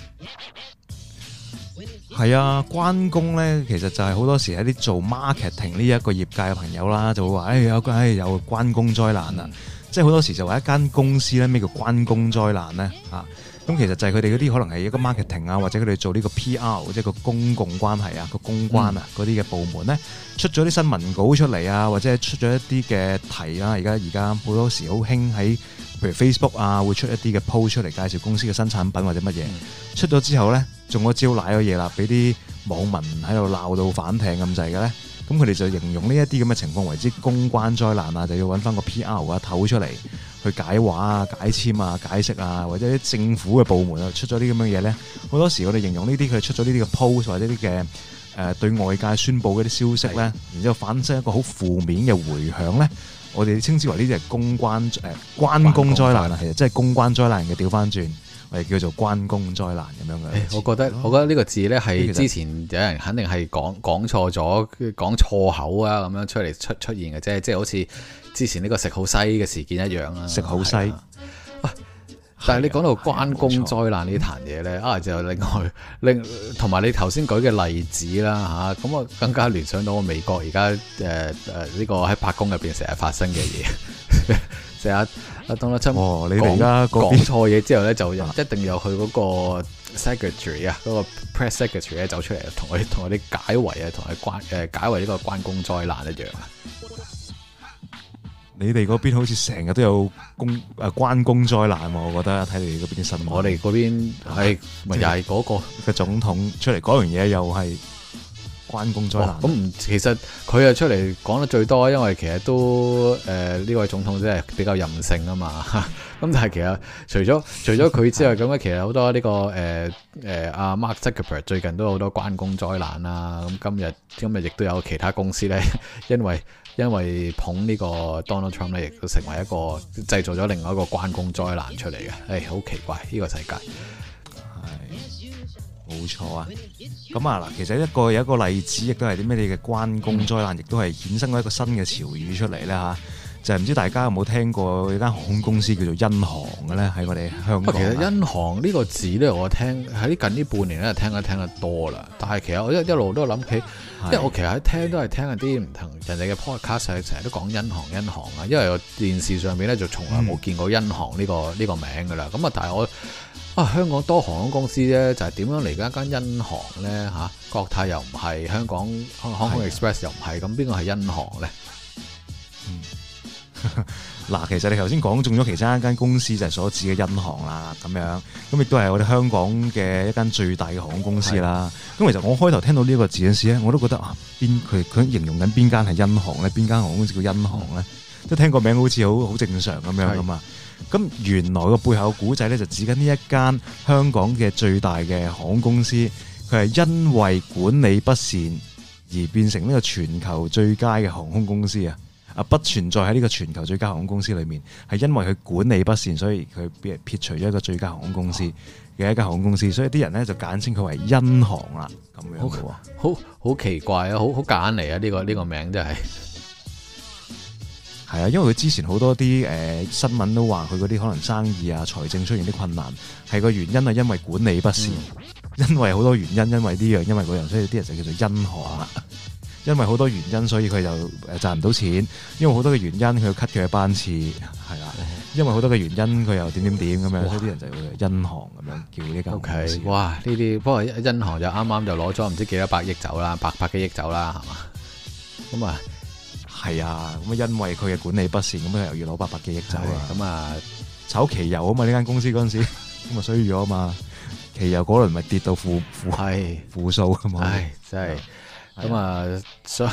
係啊，關公咧，其實就係好多時喺啲做 marketing 呢一個業界嘅朋友啦，就會話：，哎，有個、哎、有關公災難啊，嗯！即係好多時就話一間公司咧，咩叫關公災難咧？啊！咁其實就係佢哋嗰啲可能係一個 marketing 啊，或者佢哋做呢個 PR 即係個公共關係啊、個公關啊嗰啲嘅部門咧、嗯，出咗啲新聞稿出嚟啊，或者出咗一啲嘅題啦。而家而家好多時好興喺譬如 Facebook 啊，會出一啲嘅 post 出嚟介紹公司嘅新產品或者乜嘢、嗯。出咗之後咧，中咗招賴咗嘢啦，俾啲網民喺度鬧到反艇咁滯嘅咧。咁佢哋就形容呢一啲咁嘅情況為之公關災難啊，就要搵返個 PR 啊唞出嚟。去解話啊、解簽啊、解釋啊，或者啲政府嘅部門啊出咗啲咁樣嘢咧，好多時我哋形容呢啲佢出咗呢啲嘅 post 或者啲嘅誒對外界宣佈嗰啲消息咧，然之後反射一個好負面嘅回響咧，我哋稱之為呢啲係公關誒關公災難，其實啊，即係公關災難嘅調翻轉。我叫做關公災難咁樣嘅、哎，我覺得我覺得呢個字呢，係之前有人肯定係講講錯咗，講錯口啊咁樣出嚟出出現嘅，啫，即係好似之前呢個食好西嘅事件一樣啊！食好西，是啊啊、但係你講到關公災難這事呢壇嘢呢，啊，就另外另同埋你頭先舉嘅例子啦吓，咁、啊、我更加聯想到我美國而家誒誒呢個喺白宮入邊成日發生嘅嘢，成日。阿 Donald Trump 講錯嘢之後咧，就一定又去嗰個 secretary 啊，嗰個 press secretary 走出嚟，同我哋同我哋解圍啊，同佢關誒解圍呢個關公災難一樣。你哋嗰邊好似成日都有公誒關公災難喎，我覺得睇你哋嗰邊新聞。我哋嗰邊係咪又係嗰個嘅、就係、總統出嚟講完嘢又係？關公災難咁、哦，其實佢啊出嚟講得最多，因為其實都誒呢、呃、位總統真係比較任性啊嘛。咁但係其實除咗除咗佢之外，咁啊其實好多呢、這個誒誒阿 Mark Zuckerberg 最近都有好多關公災難啊。咁今日咁啊，亦都有其他公司咧，因為因為捧呢個 Donald Trump 咧，亦都成為一個製造咗另外一個關公災難出嚟嘅。誒、哎，好奇怪呢、這個世界。冇錯啊，咁啊嗱，其實一個有一個例子，亦都係啲咩嘅關公災難，亦都係衍生咗一個新嘅潮語出嚟啦吓。就唔、是、知大家有冇聽過有間航空公司叫做欣航嘅咧？喺我哋香港。其實欣航呢個字咧，我聽喺近呢半年咧聽得聽得多啦。但係其實我一一路都諗起，即係我其實喺聽都係聽嗰啲唔同人哋嘅 podcast 成日都講欣航欣航啊。因為我電視上面咧就從來冇見過欣航呢個呢、嗯、個名嘅啦。咁啊，但係我啊香港多航空公司咧，就係點樣嚟緊一間欣航咧？嚇、啊，國泰又唔係，香港航空 Express 又唔係，咁邊個係欣航咧？嗯。嗱，其實你頭先講中咗其中一間公司就係所指嘅因航啦，咁樣咁亦都係我哋香港嘅一間最大嘅航空公司啦。咁其實我開頭聽到呢一個字眼時咧，我都覺得啊，邊佢佢形容緊邊間係因航呢？邊間航空公司叫因航呢？即係聽個名好似好好正常咁樣噶嘛？咁原來個背後古仔咧，就指緊呢一間香港嘅最大嘅航空公司，佢係因為管理不善而變成呢個全球最佳嘅航空公司啊！啊！不存在喺呢個全球最佳航空公司裏面，係因為佢管理不善，所以佢俾人撇除咗一個最佳航空公司嘅一間航空公司，所以啲人呢就簡稱佢為殷航啦，咁樣嘅好好，好奇怪啊，好好簡嚟啊，呢、呢個呢、呢個名真係係啊，因為佢之前好多啲誒、呃、新聞都話佢嗰啲可能生意啊、財政出現啲困難，係個原因係因為管理不善，嗯、因為好多原因，因為呢樣，因為嗰樣，所以啲人就叫做殷航啦。因為好多原因，所以佢就誒賺唔到錢。因為好多嘅原因，佢要 cut 佢嘅班次，係啦、啊。因為好多嘅原因怎樣怎樣怎樣，佢又點點點咁樣，所以啲人就會銀行咁樣叫呢間公司。Okay, 哇，呢啲不過銀行就啱啱就攞咗唔知幾多百億走啦，百百幾億走啦，係嘛？咁、嗯、啊，係啊，咁啊因為佢嘅管理不善，咁啊又要攞百百幾億走啊，咁、嗯、啊炒期油啊嘛呢間公司嗰陣時，咁啊衰咗啊嘛，期油嗰輪咪跌到負負係負數啊真係。咁啊，所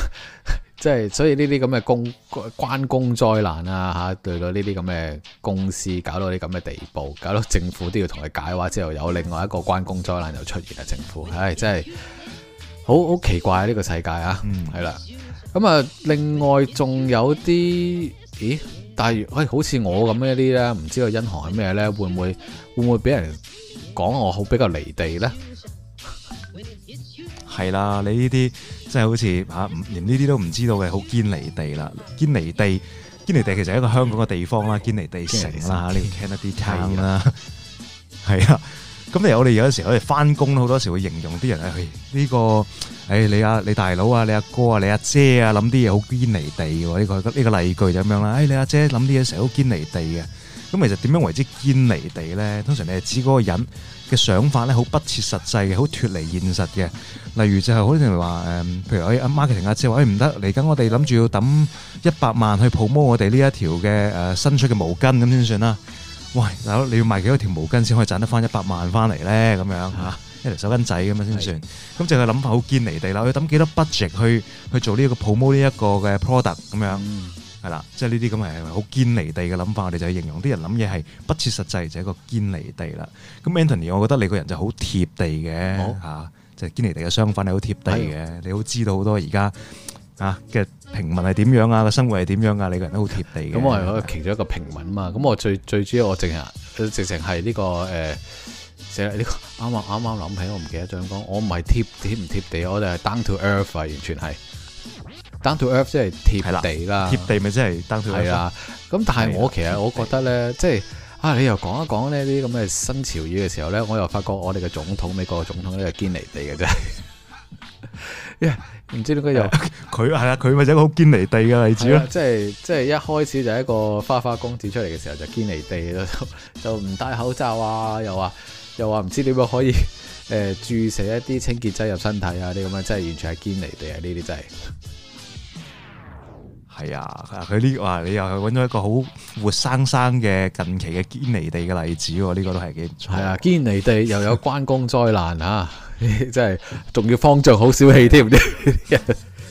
即係所以呢啲咁嘅公關公災難啊，吓，對到呢啲咁嘅公司，搞到啲咁嘅地步，搞到政府都要同佢解話，之後有另外一個關公災難又出現啦！政府，唉，真係好好奇怪呢、啊這個世界啊！係、嗯、啦，咁啊，另外仲有啲，咦？但係，喂、哎，好似我咁嘅啲咧，唔知道個音行係咩咧？會唔會會唔會俾人講我好比較離地咧？係啦，你呢啲真係好似嚇，連呢啲都唔知道嘅，好堅離地啦，堅離地，堅離地其實係一個香港嘅地方啦，堅尼地城啦嚇，你聽一啲閂啦。係啊，咁例如我哋有時可以翻工，好多時會形容啲人係呢個，誒你阿你大佬啊，你阿哥啊，你阿姐啊，諗啲嘢好堅離地嘅喎，呢個呢個例句就咁樣啦。誒你阿姐諗啲嘢成日都堅離地嘅，咁其實點樣為之堅離地咧？通常你係指嗰個人。嘅想法咧，好不切實際嘅，好脱離現實嘅。例如就係好似你話誒，譬如喺 marketing 嘅時候，誒唔得，嚟緊，我哋諗住要抌一百萬去 promote 我哋呢一條嘅誒新出嘅毛巾咁先算啦。喂，嗱，你要賣幾多條毛巾先可以賺得翻一百萬翻嚟咧？咁樣嚇，一條手巾仔咁樣先算。咁就係諗法好堅離地啦。要抌幾多 budget 去去做呢一個 promote 呢一個嘅 product 咁樣。係啦，即係呢啲咁嘅好堅離地嘅諗法，我哋就去形容啲人諗嘢係不切實際，就係、是、一個堅離地啦。咁 Anthony，我覺得你個人就好貼地嘅即、哦啊、就是、堅離地嘅相反係好貼地嘅，你好知道好多而家啊嘅平民係點樣啊，個生活係點樣啊，你個人都好貼地。咁我係其中一個平民啊嘛，咁我最最主要我成日直情係呢個誒直情係呢個啱啱啱啱諗起，我唔記得咗點講，我唔係貼貼唔貼地，我哋係 down to earth 啊，完全係。Down to earth 即係貼地啦，貼地咪真係 down to earth 啊！咁但係我是其實我覺得咧，即係啊，你又講一講呢啲咁嘅新潮語嘅時候咧，我又發覺我哋嘅總統，美國嘅總統呢係堅離地嘅啫。呀、 [LAUGHS] yeah,！唔知點解又佢係啊？佢咪就一個好堅離地嘅例子咯。即係即係一開始就一個花花公子出嚟嘅時候就堅離地咯，就唔戴口罩啊，又話又話唔知點樣可以誒、呃、注射一啲清潔劑入身體啊？啲咁嘅即係完全係堅離地啊！呢啲真係～係啊，佢呢個話你又去揾咗一個好活生生嘅近期嘅堅離地嘅例子，呢、這個都係幾唔錯。係啊，堅離地又有關公災難 [LAUGHS] 啊！真係，仲要方丈好小氣添、 [LAUGHS] 啊，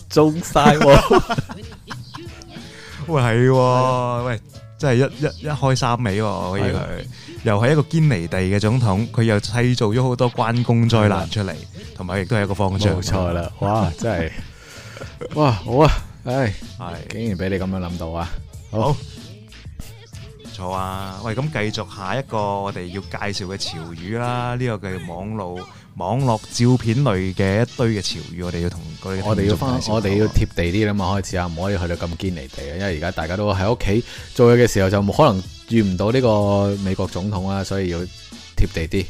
中晒。 [LAUGHS] [LAUGHS] 喂、啊，喂，真係一一一開三尾、啊，可以佢、啊、又係一個堅離地嘅總統，佢又製造咗好多關公災難出嚟，同埋亦都係一個方丈。冇錯啦，哇，真係， [LAUGHS] 哇，好啊！唉，係竟然俾你咁樣諗到啊！好，唔錯啊！喂，咁繼續下一個我哋要介紹嘅潮語啦，呢、這個叫網絡網絡照片類嘅一堆嘅潮語，我哋要同我哋要翻我哋要貼地啲啦嘛，開始啊，唔可以去到咁堅離地啊，因為而家大家都喺屋企做嘢嘅時候就冇可能遇唔到呢個美國總統啊，所以要貼地啲，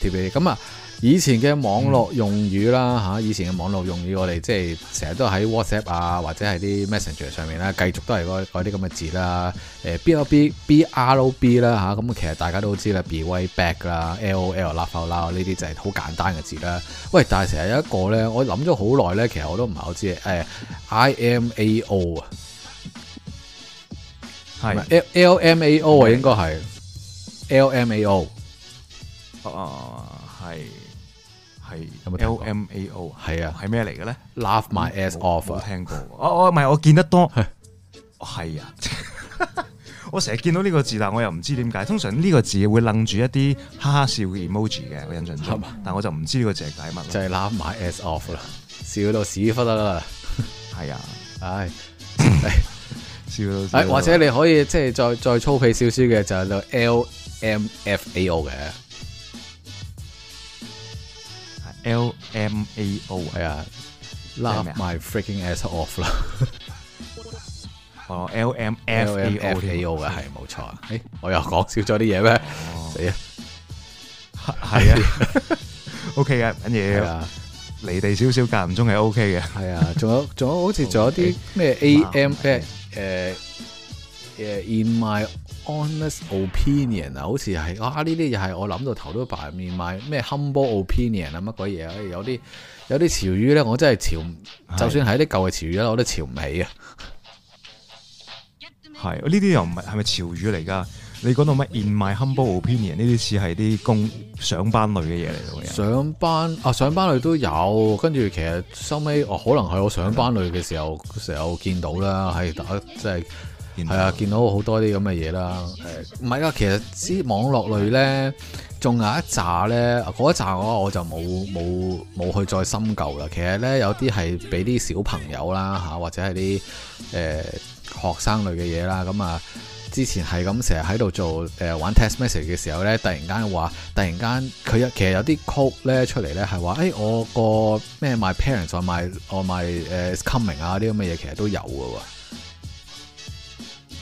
貼地咁啊。以前嘅網絡用語啦嚇，以前嘅網絡用語我哋即係成日都喺 WhatsApp 啊，或者係啲 Messenger 上面啦，繼續都係嗰啲咁嘅字啦。誒 B L B B R O B 啦嚇，咁其實大家都知啦，Be way back 啦，L O L laugh out loud 呢啲就係好簡單嘅字啦。喂，但係成日有一個咧，我諗咗好耐咧，其實我都唔係好知誒，I M A O 啊，係 L L M A O 啊，應該係 L M A O，哦。有有 LMAO，係啊，係咩嚟嘅咧？Laugh my ass off，冇聽過，我我唔係我見得多，係 [LAUGHS] 是啊， [LAUGHS] 我成日見到呢個字，但我又唔知點解。通常呢個字會楞住一啲哈哈笑，笑的 emoji 嘅，我印象中，但我就唔知呢個字係解乜。就係、是、Laugh my ass off 啦、啊，笑到屎忽啦啦，係啊，唉、哎，笑，， [LAUGHS] 笑到，唉、哎，或者你可以即係 [LAUGHS] 再再粗鄙少少嘅就係到 LMFAO 嘅。L M A O 係啊，Love my freaking ass off 啦。哦，L M F A O A O 嘅係冇錯。誒，我又講少咗啲嘢咩？死啊！係啊，OK 嘅，緊要。離地少少，間唔中係 OK 嘅。係啊，仲有仲有好似仲有啲咩 A M S 誒。In my honest opinion 啊，好似係啊，呢啲又係我諗到頭都白入面 my 咩 humble opinion 啊，乜鬼嘢啊？有啲有啲潮語咧，我真係潮，就算係啲舊嘅潮語啦，我都潮唔起啊。係，呢啲又唔係係咪潮語嚟噶？你講到咩 in my humble opinion 呢啲，似係啲工上班類嘅嘢嚟嘅。上班啊，上班類都有，跟住其實收尾我可能係我上班類嘅時候，成日見到啦，係打即係。就是係啊，見到好多啲咁嘅嘢啦。誒，唔係啊，其實之網絡類咧，仲有一紮咧，嗰紮我我就冇冇冇去再深究啦。其實咧，有啲係俾啲小朋友啦嚇，或者係啲誒學生類嘅嘢啦。咁啊，之前係咁成日喺度做誒、欸、玩 test message 嘅時候咧，突然間話，突然間佢有其實有啲曲咧出嚟咧，係話誒我個咩 my parents or 我 my, 我 my coming 啊啲咁嘅嘢，其實都有嘅。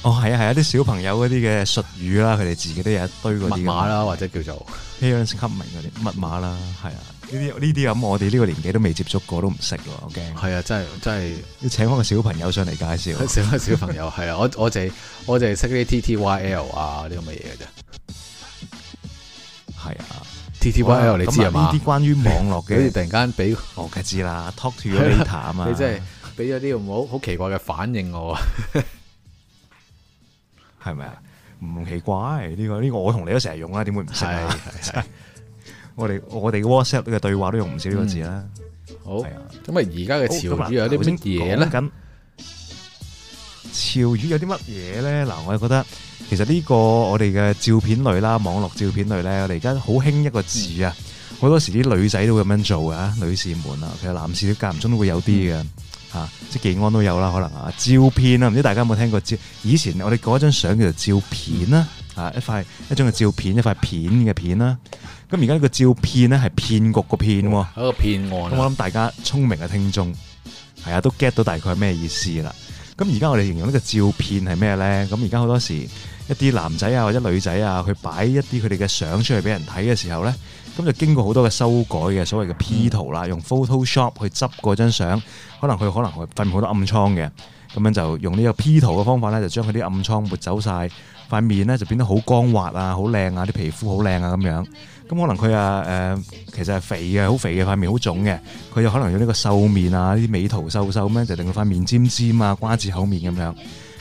哦，係啊，係啊，啲小朋友嗰啲嘅術語啦，佢哋自己都有一堆嗰啲密碼啦，或者叫做 parents coming 嗰啲密碼啦，係啊，呢啲呢啲咁，這我哋呢個年紀都未接觸過，都唔識喎，我驚。係啊，真係真係要、嗯、請翻個小朋友上嚟介紹。小，小朋友係 [LAUGHS] 啊，我我就係我就係識啲 T T Y L 啊啲咁嘅嘢嘅啫。係啊，T T Y L、啊、你知啊嘛？呢啲關於網絡嘅，你、啊、突然間俾我知啦，talk to you later 嘛是啊嘛，你真係俾咗啲好好奇怪嘅反應我。 [LAUGHS] 係咪啊？唔奇怪呢個呢個，我同你都成日用啦，點會唔識啊？我哋我哋嘅 WhatsApp 嘅對話都用唔少呢個字啦。好，咁啊，而家嘅潮語有啲乜嘢咧？潮語有啲乜嘢咧？嗱，我就覺得其實呢個我哋嘅照片類啦，網絡照片類咧，我哋而家好興一個字啊，好多時啲女仔都會咁樣做啊，女士們啊，其實男士都間唔中都會有啲嘅。啊，即係技安都有啦，可能啊，照片啦，唔知大家有冇聽過照？以前我哋嗰張張相叫做照片啦，啊，一塊一張嘅照片，一塊片嘅片啦。咁而家呢個照片呢係騙局，哦個騙，一個騙案。咁我諗大家聰明嘅聽眾，係啊，都 get 到大概係咩意思啦。咁而家我哋形容呢個照片係咩咧？咁而家好多時一啲男仔啊或者女仔啊，去擺一啲佢哋嘅相出嚟俾人睇嘅時候咧。咁就經過好多嘅修改嘅所謂嘅 P 圖啦，用 Photoshop 去執嗰張相，可能佢可能佢瞓好多暗瘡嘅，咁樣就用呢個 P 圖嘅方法咧，就將佢啲暗瘡抹走晒，塊面咧就變得好光滑啊，好靚啊，啲皮膚好靚啊咁樣。咁可能佢啊誒，其實係肥嘅，好肥嘅塊面好腫嘅，佢又可能用呢個瘦面啊，呢啲美圖瘦瘦咩，就令佢塊面尖尖啊，瓜子口面咁樣。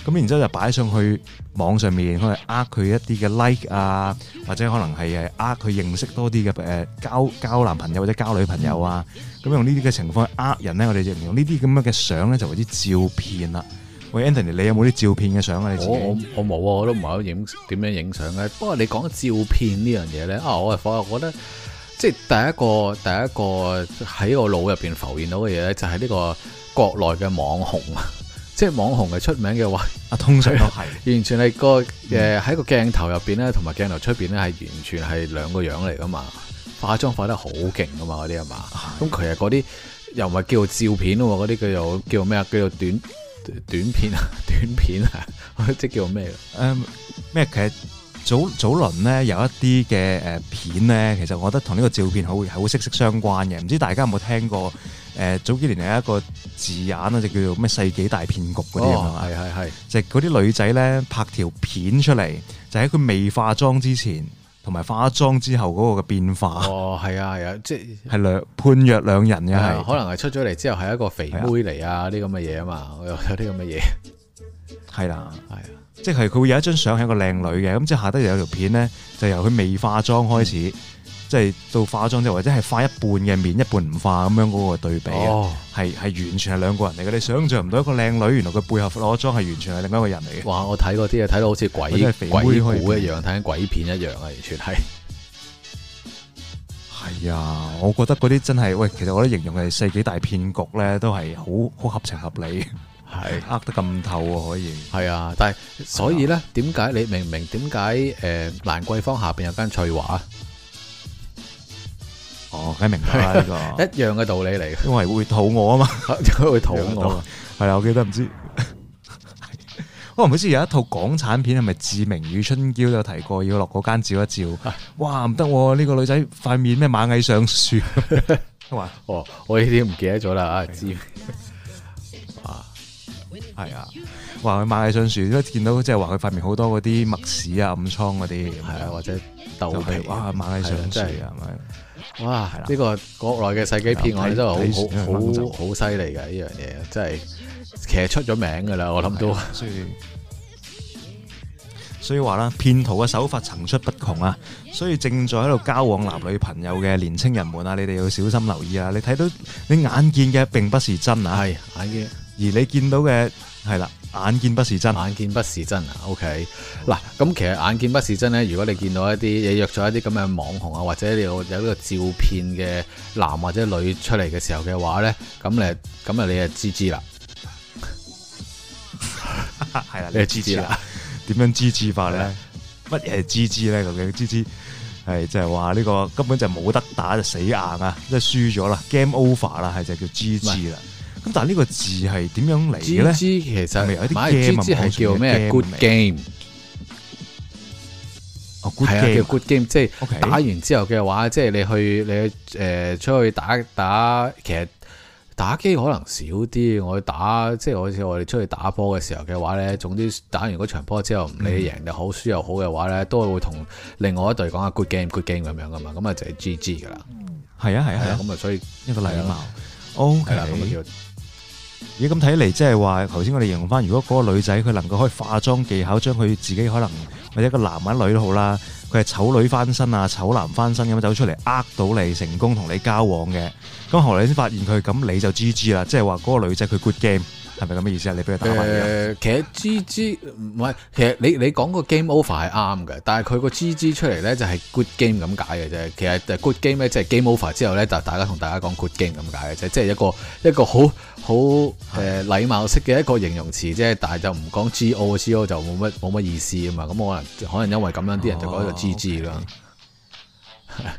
咁然之後就擺上去網上面，去呃佢一啲嘅 like 啊，或者可能係呃佢認識多啲嘅誒，交交男朋友或者交女朋友啊，咁用呢啲嘅情況去呃人咧，我哋就用呢啲咁樣嘅相咧，就為啲照片啦。喂，Anthony，你有冇啲照片嘅相啊？我我我冇啊，我都唔係好影點樣影相嘅。不過你講照片呢樣嘢咧，啊，我啊，我覺得即係第一個第一個喺我腦入面腦入邊浮現到嘅嘢咧，就係呢個國內嘅網紅。即係網紅係出名嘅話，通常都係完全係個誒喺個鏡頭入邊咧，同埋鏡頭出邊咧係完全係兩個樣嚟噶嘛，化妝化得好勁噶嘛，嗰啲係嘛？咁其實嗰啲又唔係叫做照片喎，嗰啲叫做叫做咩啊？叫做短短片啊，短片啊，片 [LAUGHS] 即叫做咩誒，咩、嗯？其實早早輪咧有一啲嘅誒片咧，其實我覺得同呢個照片好好息息相關嘅，唔知大家有冇聽過？誒，早幾年有一個字眼就叫做咩世紀大騙局嗰啲咯，係係係，就係嗰啲女仔咧拍條片出嚟，就喺佢未化妝之前，同埋化咗妝之後嗰個嘅變化。哦，係啊係啊，即係兩判若兩人嘅係，可能係出咗嚟之後係一個肥妹嚟啊啲咁嘅嘢啊嘛，有有啲咁嘅嘢，係啦，係啊，即係佢會有一張相係一個靚女嘅，咁即係下低有條片咧，就由佢未化妝開始。嗯即係做化妝啫，或者係化一半嘅面，一半唔化咁樣嗰個對比，係、oh. 係完全係兩個人嚟嘅。你想象唔到一個靚女，原來佢背後落妝係完全係另外一個人嚟嘅。哇！我睇嗰啲啊，睇到好似鬼鬼古一樣，睇緊鬼片一樣啊，完全係。係啊，我覺得嗰啲真係喂，其實我啲形容係世紀大騙局咧，都係好好合情合理，係呃、啊、得咁透可以。係啊，但係、啊、所以咧，點解你明唔明？點解誒？蘭桂坊下邊有間翠華啊？哦，梗係明白呢，這個一樣嘅道理嚟，因為會肚餓啊嘛，點解會肚餓係啊，我記得唔知，可能好似有一套港產片，係咪志明與春嬌有提過要落嗰間照一照？哇，啊，唔得，呢，啊這個女仔塊面咩螞蟻上樹？話 [LAUGHS] 哦，我呢啲唔記得咗啦，志明啊，係啊，話佢螞蟻上樹，一見到即係話佢塊面好多嗰啲墨屎啊、暗瘡嗰啲，係啊，或者豆皮，就是，哇，螞蟻上樹係咪？哇，係啦！呢個國內嘅世紀騙案真係好好好好犀利嘅呢樣嘢，真係其實出咗名噶啦。我諗都所以話啦，騙徒嘅手法層出不窮啊！所以正在喺度交往男女朋友嘅年青人們啊，你哋要小心留意啊！你睇到你眼見嘅並不是真啊，係眼見，而你見到嘅係啦。眼見不是真，眼見不是真啊！OK，嗱咁其實眼見不是真咧，如果你見到一啲你約咗一啲咁嘅網紅啊，或者你有呢個照片嘅男或者女出嚟嘅時候嘅話咧，咁你，咁啊你係 GG 啦，係 [LAUGHS] 啦，你 GG 啦，點樣 GG 法咧？乜嘢 GG 咧？究竟 GG 係就係話呢個根本就冇得打就死硬啊，即係輸咗啦，game over 啦，係就叫 GG 啦。咁但係呢個字係點樣嚟？咧？G G 其實 game 啊，係叫咩？Good game 哦，係、哦、叫、哦啊、Good game，即、哦、係、啊啊 okay，打完之後嘅話，即、就、係、是、你去你誒出去打打，其實打機可能少啲。我打即係好似我哋出去打波嘅時候嘅話咧，總之打完嗰場波之後，你贏又好，輸又好嘅話咧，都係會同另外一隊講下 Good game，Good game 咁 game，樣噶嘛。咁啊就係 G G 噶啦，係啊係啊。咁啊，啊所以啊啊一個禮貌，O K 啦咁啊叫。咁睇嚟即係話，頭先我哋形容翻，如果嗰個女仔佢能夠可以化妝技巧，將佢自己可能或者一個男或者女都好啦，佢係醜女翻身啊，醜男翻身咁樣走出嚟，呃到你成功同你交往嘅，咁後來你先發現佢，咁你就知知啦，即係話嗰個女仔佢 good game。係咪咁嘅意思啊？你俾佢打埋嘅、呃。其實 GG 唔係，其實你你講個 game over 係啱嘅，但係佢個 GG 出嚟咧就係 good game 咁解嘅啫。其實就 good game 咧，即係 game over 之後咧，就大家同大家講 good game 咁解嘅啫，即係一個一個好好誒禮貌式嘅一個形容詞，啫。但係就唔講 GO GO 就冇乜冇乜意思啊嘛。咁可能可能因為咁樣，啲人就講個 GG 啦。Oh, okay.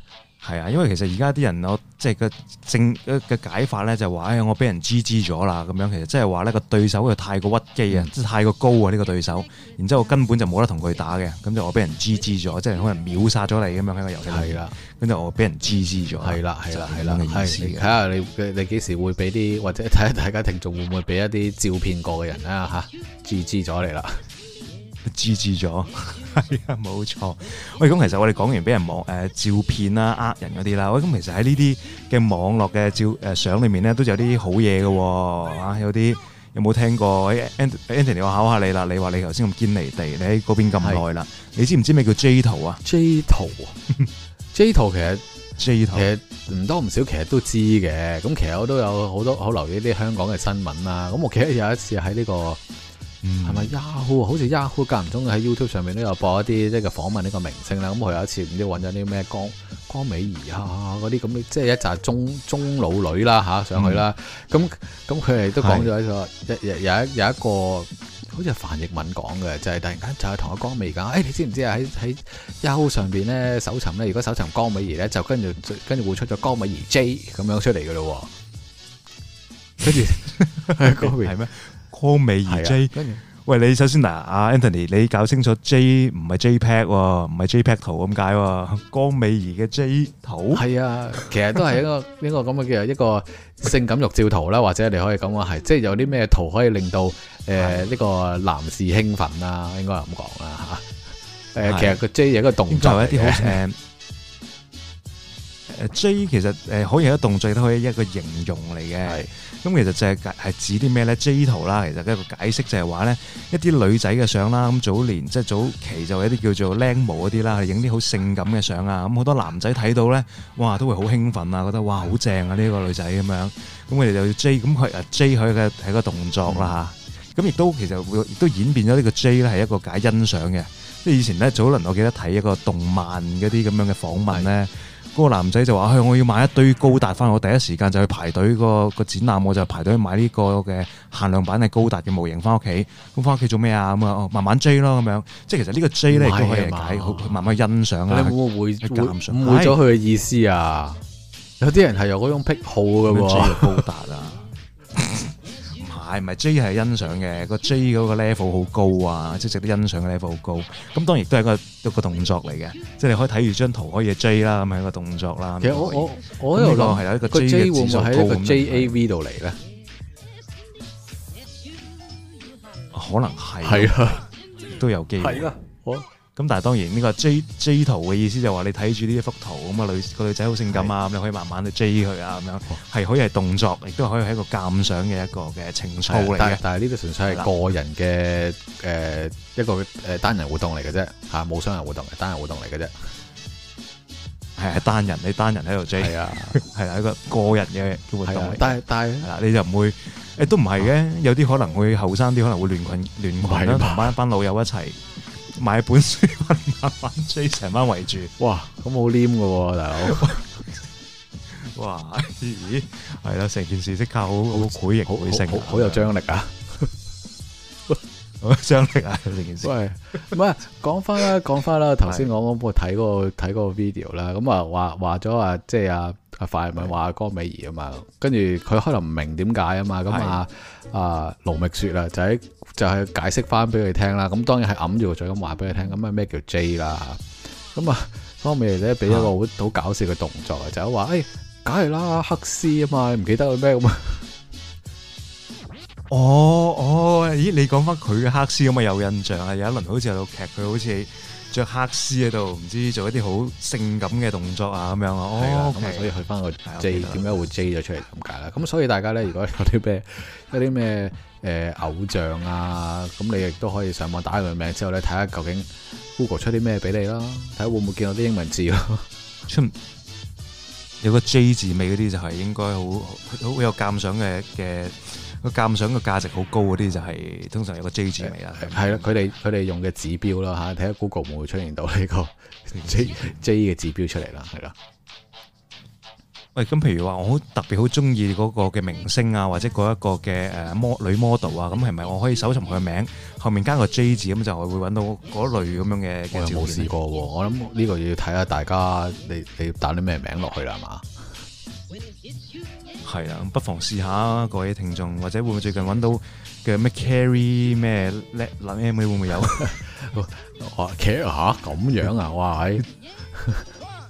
係啊，因為其實而家啲人我即係、就是、個正嘅解法咧，就話誒我俾人 G G 咗啦，咁樣其實即係話呢個對手佢太過屈機啊，嗯、即係太過高啊呢、這個對手，然之後我根本就冇得同佢打嘅，咁就我俾人 G G 咗，即係可能秒殺咗你咁樣喺個遊戲入邊，跟住、啊、我俾人 G G 咗，係啦係啦係啦，你睇下你嘅你幾時會俾啲或者睇下大家聽眾會唔會俾一啲照騙過嘅人啊吓、啊、G G 咗你啦。自治咗，係啊，冇錯。喂，咁其實我哋講完俾人網誒照片啦，呃人嗰啲啦，喂，咁其實喺呢啲嘅網絡嘅照誒相裏面咧，都有啲好嘢嘅，啊，有啲有冇聽過？喂，Anthony，我考下你啦，你話你頭先咁堅尼地，你喺嗰邊咁耐啦，你知唔知咩叫 J 圖啊？J 圖 [LAUGHS] ，J 圖其實 J 圖其實唔多唔少，其實都知嘅。咁其實我都有好多好留意啲香港嘅新聞啦。咁我記得有一次喺呢個。係、嗯、咪 Yahoo？好似 Yahoo 間唔中喺 YouTube 上面都有播一啲即係訪問呢個明星啦。咁佢有一次唔知揾咗啲咩江江美儀啊嗰啲咁即係一扎中中老女啦吓上去啦。咁咁佢哋都講咗一個，有有，有一有個好似係范逸敏講嘅，就係、是、突然間就係同阿江美儀講：，誒、哎，你知唔知喺喺 Yahoo 上邊咧搜尋咧，如果搜尋江美儀咧，就跟住跟住會出咗江美儀 J 咁樣出嚟嘅咯。跟住喺嗰邊係咩？ [LAUGHS] 是 [LAUGHS] 江美儀 J，喂你首先嗱，阿 Anthony，你搞清楚 J 唔係 JPEG，唔係 JPEG 圖咁解？江美儀嘅 J 圖係啊，其實都係一個一個咁嘅叫一個性感玉照圖啦，或者你可以咁話，係即係有啲咩圖可以令到誒呢個男士興奮啦，應該係咁講啦吓。誒，其實個 J 有一個動作，誒，J 其實誒可以有一個動作，都可以一個形容嚟嘅。咁其實就係係指啲咩咧？J 圖啦，其實一個解釋就係話咧，一啲女仔嘅相啦。咁早年即係早期就一啲叫做靚模嗰啲啦，影啲好性感嘅相啊。咁好多男仔睇到咧，哇都會好興奮啊，覺得哇好正啊呢個女仔咁樣。咁我哋就 J，咁佢啊 J 佢嘅係個動作啦吓，咁亦都其實會亦都演變咗呢個 J 咧，係一個解欣賞嘅。即係以前咧，早年我記得睇一個動漫嗰啲咁樣嘅訪問咧。嗰個男仔就話，我要買一堆高達翻，我第一時間就去排隊個個展覽，我就排隊去買呢個嘅限量版嘅高達嘅模型翻屋企。咁翻屋企做咩啊？咁啊，慢慢追咯，咁樣，即係其實呢個 J 咧，亦都可以解，慢慢欣賞啦。你會會誤會咗佢嘅意思啊！是有啲人係有嗰種癖好嘅喎。咩 J 高達啊！ [LAUGHS] 係唔係 J 係欣賞嘅個 J 嗰個 level 好高啊，即係值得欣賞嘅 level 好高。咁當然都係一個一個動作嚟嘅，即係你可以睇住張圖可以的 J 啦，咁係一個動作啦。其實我我、這個、我又諗佢 J 會唔會喺一個 JAV 度嚟嘅，可能係係啊，都有機會係啦。是啊是啊咁但係當然呢個 J J 圖嘅意思就話你睇住呢一幅圖咁啊，女，個女仔好性感啊，咁你可以慢慢去 J 佢啊，咁樣係、哦、可以係動作，亦都可以係個鑑賞嘅一個嘅情趣嚟嘅。但係呢啲純粹係個人嘅誒、呃、一個誒單人活動嚟嘅啫吓，冇、啊、雙人活動嘅單人活動嚟嘅啫。係單人你單人喺度 J 係啊，係 [LAUGHS] 一個個人嘅活動。但係但係你就唔會誒都唔係嘅，有啲可能會後生啲，些可能會亂、啊、群亂群同班一班老友一齊。買本書，慢慢追，成班圍住，哇！咁好黏嘅、啊，大佬，哇！咦，係啦，成件事即刻好好鬼型鬼性，好有張力啊，好 [LAUGHS] 有張力啊！成 [LAUGHS] 件事喂，唔係講翻啦，講翻啦，頭先我我睇嗰個睇嗰個 video 啦，咁啊話話咗啊，即係啊。快咪話阿江美儀啊嘛，跟住佢可能唔明點解啊嘛，咁啊盧啊盧覓雪啦，就喺、是、就係、是、解釋翻俾佢聽啦，咁當然係揞住個嘴咁話俾佢聽，咁啊咩叫 J 啦，咁啊江美儀咧俾一個好好搞笑嘅動作啊，就喺話誒梗係啦，黑絲啊嘛，唔記得佢咩咁啊， [LAUGHS] 哦哦，咦你講翻佢嘅黑絲咁啊有印象啊，有一輪好似有度劇佢好似。着黑絲喺度，唔知做一啲好性感嘅動作啊，咁樣啊，哦，咁啊，okay, 所以去翻個 J，點、okay, 解會 J 咗出嚟咁解啦？咁 [LAUGHS] 所以大家咧，如果有啲咩、有啲咩誒偶像啊，咁你亦都可以上網打佢名之後咧，睇下究竟 Google 出啲咩俾你咯，睇下會唔會見到啲英文字咯。有個 J 字尾嗰啲就係應該好好有鑒賞嘅嘅。佢鑑賞嘅價值好高嗰啲就係通常有個 J 字嚟㗎，係啦，佢哋佢哋用嘅指標啦嚇，睇下 Google 會唔會出現到呢個 J J 嘅指標出嚟啦，係啦。喂，咁譬如話，我好特別好中意嗰個嘅明星啊，或者嗰一個嘅誒女 model 啊，咁係咪我可以搜尋佢嘅名，後面加個 J 字咁就會揾到嗰類咁樣嘅？我又冇試過喎，我諗呢個要睇下大家你你打啲咩名落去啦，係嘛？係啦、啊，不妨試下各位聽眾，或者會唔會最近揾到嘅咩 carry 咩 let let 叻諗嘢會唔會有？carry 吓咁樣啊！哇，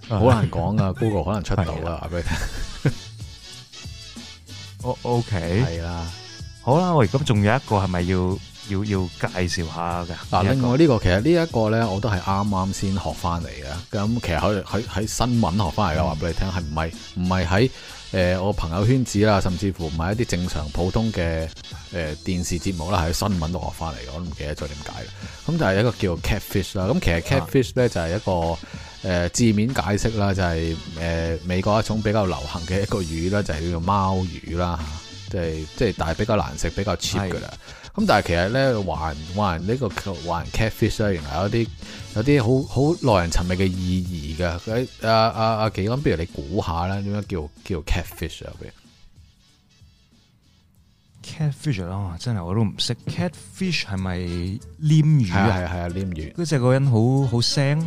好難講啊，Google 可能出到啦，話俾、啊、你聽。 [LAUGHS] o O K，係啦，好啦，我而家仲有一個係咪要要要介紹下嘅？嗱、啊，另外呢、個其實呢一個咧，我都係啱啱先學翻嚟嘅。咁其實喺喺喺新聞學翻嚟嘅，話俾你聽係唔係唔係喺。嗯是誒、呃、我朋友圈子啦，甚至乎唔係一啲正常普通嘅誒、呃、電視節目啦，係新聞度學翻嚟，我都唔記得咗點解嘅，咁就係一個叫 catfish 啦。咁其實 catfish 咧就係、是、一個誒、呃、字面解釋啦，就係、是、誒、呃、美國一種比較流行嘅一個魚啦，就係叫做貓魚啦。即係即係，但係比較難食，比較 cheap 噶啦。咁但係其實咧，玩玩呢個玩 catfish 咧、啊，原來有啲有啲好好耐人尋味嘅意義噶。佢阿阿阿幾哥，不如你估下啦，點樣叫叫 catfish 啊？邊 catfish 啊？真係我都唔識 catfish 係咪鯰魚啊？係係啊，鯰魚。嗰、那、隻個人好好腥，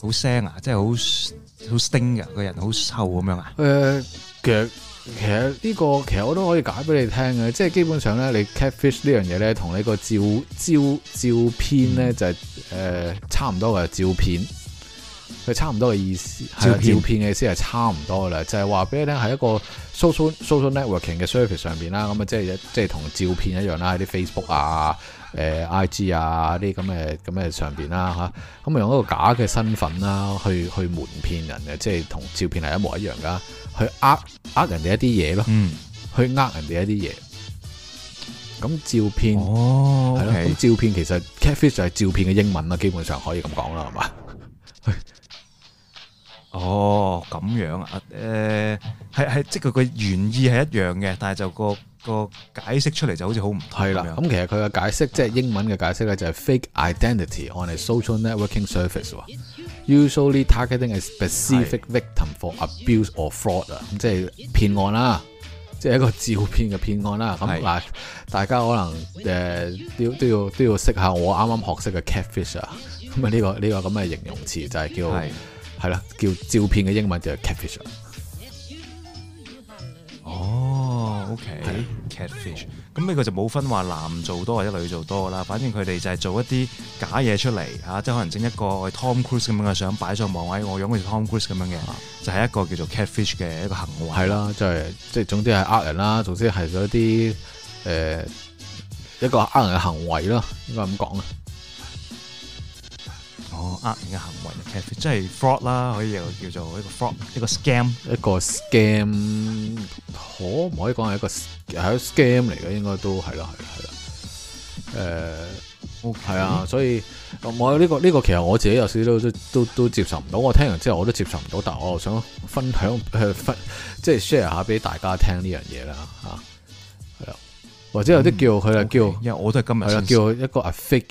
好腥啊！即係好好 sting、那個人，好瘦咁樣啊？誒腳。其實呢個其實我都可以解俾你聽嘅，即係基本上咧，你 catfish 呢樣嘢咧，同你個照照照片咧就係、是、誒、呃、差唔多嘅照片，佢差唔多嘅意思，照片嘅、啊、意思係差唔多嘅啦，就係話俾你聽係一個 social social networking 嘅 service 上邊啦，咁啊即係即係同照片一樣啦，喺啲 Facebook 啊、誒、呃、IG 啊啲咁嘅咁嘅上邊啦嚇，咁、啊、用一個假嘅身份啦去去瞞騙人嘅，即係同照片係一模一樣噶。去呃呃人哋一啲嘢咯，嗯，去呃人哋一啲嘢。咁照片，係、哦、咯，咁、啊 okay. 照片其實 catfish 就係照片嘅英文啦，基本上可以咁講啦，係嘛？ [LAUGHS] 哦，咁樣啊，誒、呃，係係，即係佢個原意係一樣嘅，但係就個個解釋出嚟就好似好唔係啦。咁其實佢嘅解釋即係、就是、英文嘅解釋咧，就係、是、fake identity on a social networking service Usually targeting a specific victim for abuse or fraud 啊，咁即係騙案啦，即係一個照片嘅騙案啦，啊。咁嗱，大家可能都、呃、都要都要識下我啱啱學識嘅 catfish 啊，這個，咁啊呢個呢個咁嘅形容詞就係叫係啦，叫照片嘅英文就係 catfish。哦，OK，catfish、okay，啊、咁呢個就冇分話男做多或者女做多啦，反正佢哋就係做一啲假嘢出嚟嚇、啊，即係可能整一個 Tom Cruise 咁樣嘅相擺上網位，我用佢 Tom Cruise 咁樣嘅、啊，就係、是、一個叫做 catfish 嘅一個行為。係啦、啊，就係、是、即係總之係呃人啦，總之係一啲誒、呃、一個呃人嘅行為咯，應該咁講啊。哦，呃人嘅行為其實即係 fraud 啦，可以又叫做一個 fraud，一個 scam，一個 scam 可唔可以講係一個喺 scam 嚟嘅？應該都係啦，係係啦。誒，係啊、呃 okay.，所以我呢、這個呢、這個其實我自己有少少都都都接受唔到，我聽完之後我都接受唔到，但係我又想分享去分即係、就是、share 下俾大家聽呢樣嘢啦，吓係啦，或者有啲叫佢係、嗯叫, okay, 叫，因為我都係今日係啦，叫一個 fake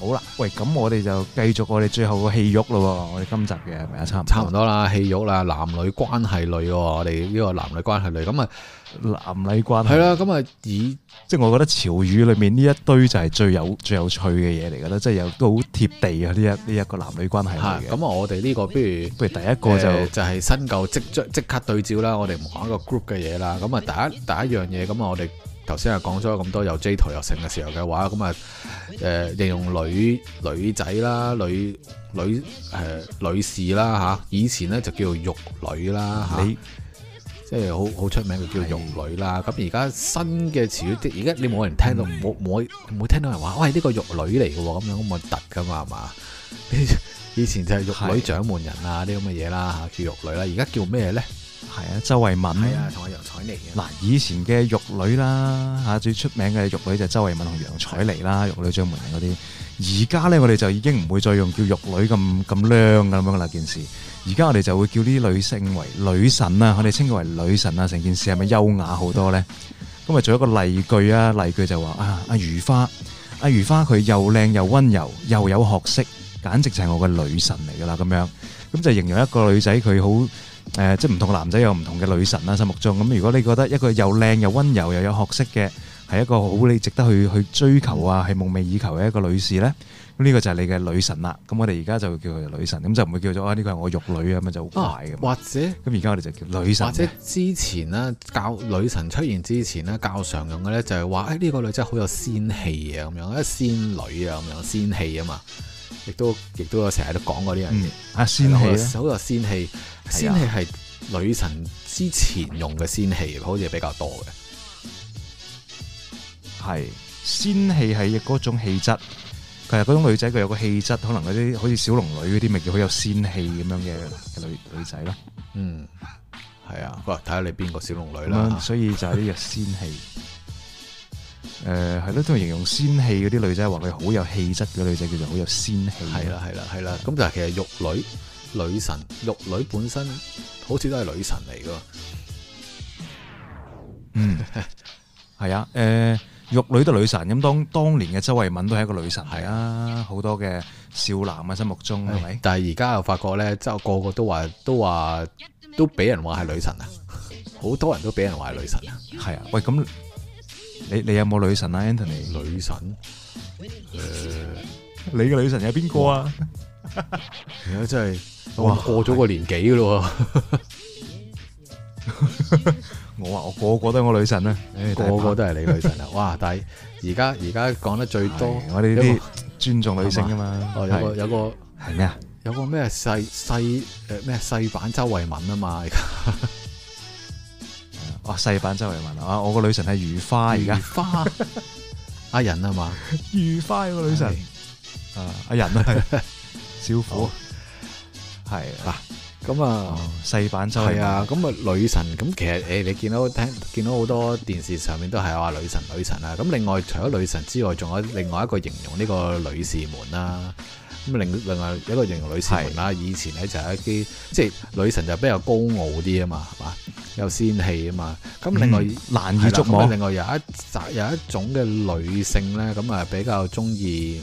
好啦，喂，咁我哋就繼續我哋最後個戲玉咯，我哋今集嘅，咪啊，差唔多啦，戲玉啦，男女關係類，我哋呢個男女關係類，咁啊，男女關係係啦，咁啊，以即係、就是、我覺得潮語裏面呢一堆就係最有最有趣嘅嘢嚟噶啦，即、就、係、是、有都好貼地啊，呢一呢一個男女關係類，咁啊，我哋呢個不如不如第一個就、呃、就係、是、新舊即即，即刻對照啦，我哋唔講一個 group 嘅嘢啦，咁啊，第一樣嘢，咁啊，我哋。頭先係講咗咁多有 J 圖又成嘅時候嘅話，咁啊誒，形、呃、容女女仔啦、女女誒、呃、女士啦嚇、啊，以前咧就叫做玉女啦嚇、啊啊，即係好好出名嘅叫玉女啦。咁而家新嘅詞語啲，而家你冇人聽到冇冇冇聽到人話，喂呢、呢個係玉女嚟嘅喎，咁樣咁核突嘅嘛係嘛？凸凸 [LAUGHS] 以前就係玉女掌門人啊啲咁嘅嘢啦嚇，叫玉女啦，而家叫咩咧？係啊，周慧敏係啊，同阿楊采妮嘅嗱，以前嘅玉女啦吓，最出名嘅玉女就周慧敏同楊采妮啦，玉女掌門人嗰啲。而家咧，我哋就已經唔會再用叫玉女咁咁娘咁樣啦。件事而家我哋就會叫呢啲女性為女神啊，我哋稱佢為女神啊，成件事係咪優雅好多咧？咁啊，做一個例句啊，例句就話啊，阿如花，阿如花佢又靚又温柔，又有學識，簡直就係我嘅女神嚟噶啦，咁樣咁就形容一個女仔佢好。誒，即係唔同男仔有唔同嘅女神啦。心目中咁。如果你覺得一個又靚又溫柔又有學識嘅，係一個好你值得去去追求啊，係夢寐以求嘅一個女士呢，咁呢個就係你嘅女神啦。咁我哋而家就會叫佢女神，咁就唔會叫做啊，呢個係我玉女咁樣就好怪嘅、啊。或者咁而家我哋就叫女神。或者之前咧，教女神出現之前咧，較常用嘅呢、就係，就係話，呢、呢個女仔好有仙氣啊，咁樣仙女啊，咁樣仙氣啊嘛。亦都亦都成日都講過呢樣嘢，啊仙氣，好有仙氣，仙氣係、啊、女神之前用嘅仙氣，好似比較多嘅，係仙氣係嗰種氣質，其實嗰種女仔佢有個氣質，可能嗰啲好似小龍女嗰啲咪叫好有仙氣咁樣嘅女女仔咯，嗯，係啊，哇，睇下你邊個小龍女啦、嗯，所以就係呢個仙氣。 [LAUGHS] 誒、呃，係咯，都係形容仙氣嗰啲女仔，話佢好有氣質嘅女仔，叫做好有仙氣的。係啦，係啦，係啦。咁、嗯、就係其實玉女女神，玉女本身好似都係女神嚟噶。嗯，係啊，誒、呃，玉女都女神。咁當當年嘅周慧敏都係一個女神，係啊，好多嘅少男嘅心目中係咪？但係而家又發覺咧，就個個都話，都話，都俾人話係女神啊！好多人都俾人話係女神啊，係啊，喂咁。那你你有冇女神啊，Anthony？女神？誒、呃，你嘅女神有邊個啊？如果 [LAUGHS] 真係，哇，過咗個年紀噶咯。 [LAUGHS] 我話，我個個都係我女神啊、哎，個個都係你女神啊！ [LAUGHS] 哇，但係而家而家講得最多，我哋呢啲尊重女性啊嘛。有有個係咩啊？有個咩細細誒咩細版周慧敏啊嘛。 [LAUGHS] 哇、哦！細版周慧敏啊！我個女神係如花而家，阿仁 [LAUGHS] 啊嘛，如花個女神啊！阿仁 [LAUGHS] [LAUGHS] 啊，係少婦，係、哦、啊！咁啊，細版周慧敏啊！咁啊，女神咁其實誒，你見到聽見到好多電視上面都係話女神女神啊！咁另外除咗女神之外，仲有另外一個形容呢個女士們啦。咁另另外一個形容女神，啦，以前咧就係一啲即係女神就比較高傲啲啊嘛，係嘛，有仙氣啊嘛。咁另外、嗯、難以捉摸，另外有一集有一種嘅女性咧，咁啊比較中意，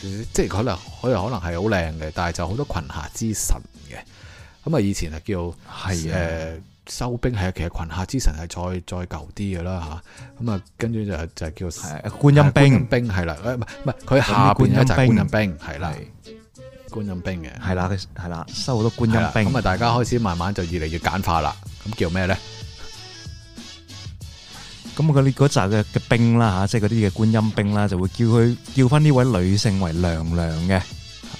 即、就、係、係、可能可能可能係好靚嘅，但係就好多裙下之神嘅。咁啊以前係叫係誒。收兵係啊，其實裙下之臣係再再舊啲嘅啦吓，咁啊跟住就就係叫觀音兵兵係啦，唔係唔係佢下邊就係觀音兵係啦，觀音兵嘅係啦，係啦收好多觀音兵，咁啊大家開始慢慢就越嚟越簡化啦，咁叫咩咧？咁佢嗰啲嗰集嘅嘅兵啦吓，即係嗰啲嘅觀音兵啦，就會叫佢叫翻呢位女性為娘娘嘅，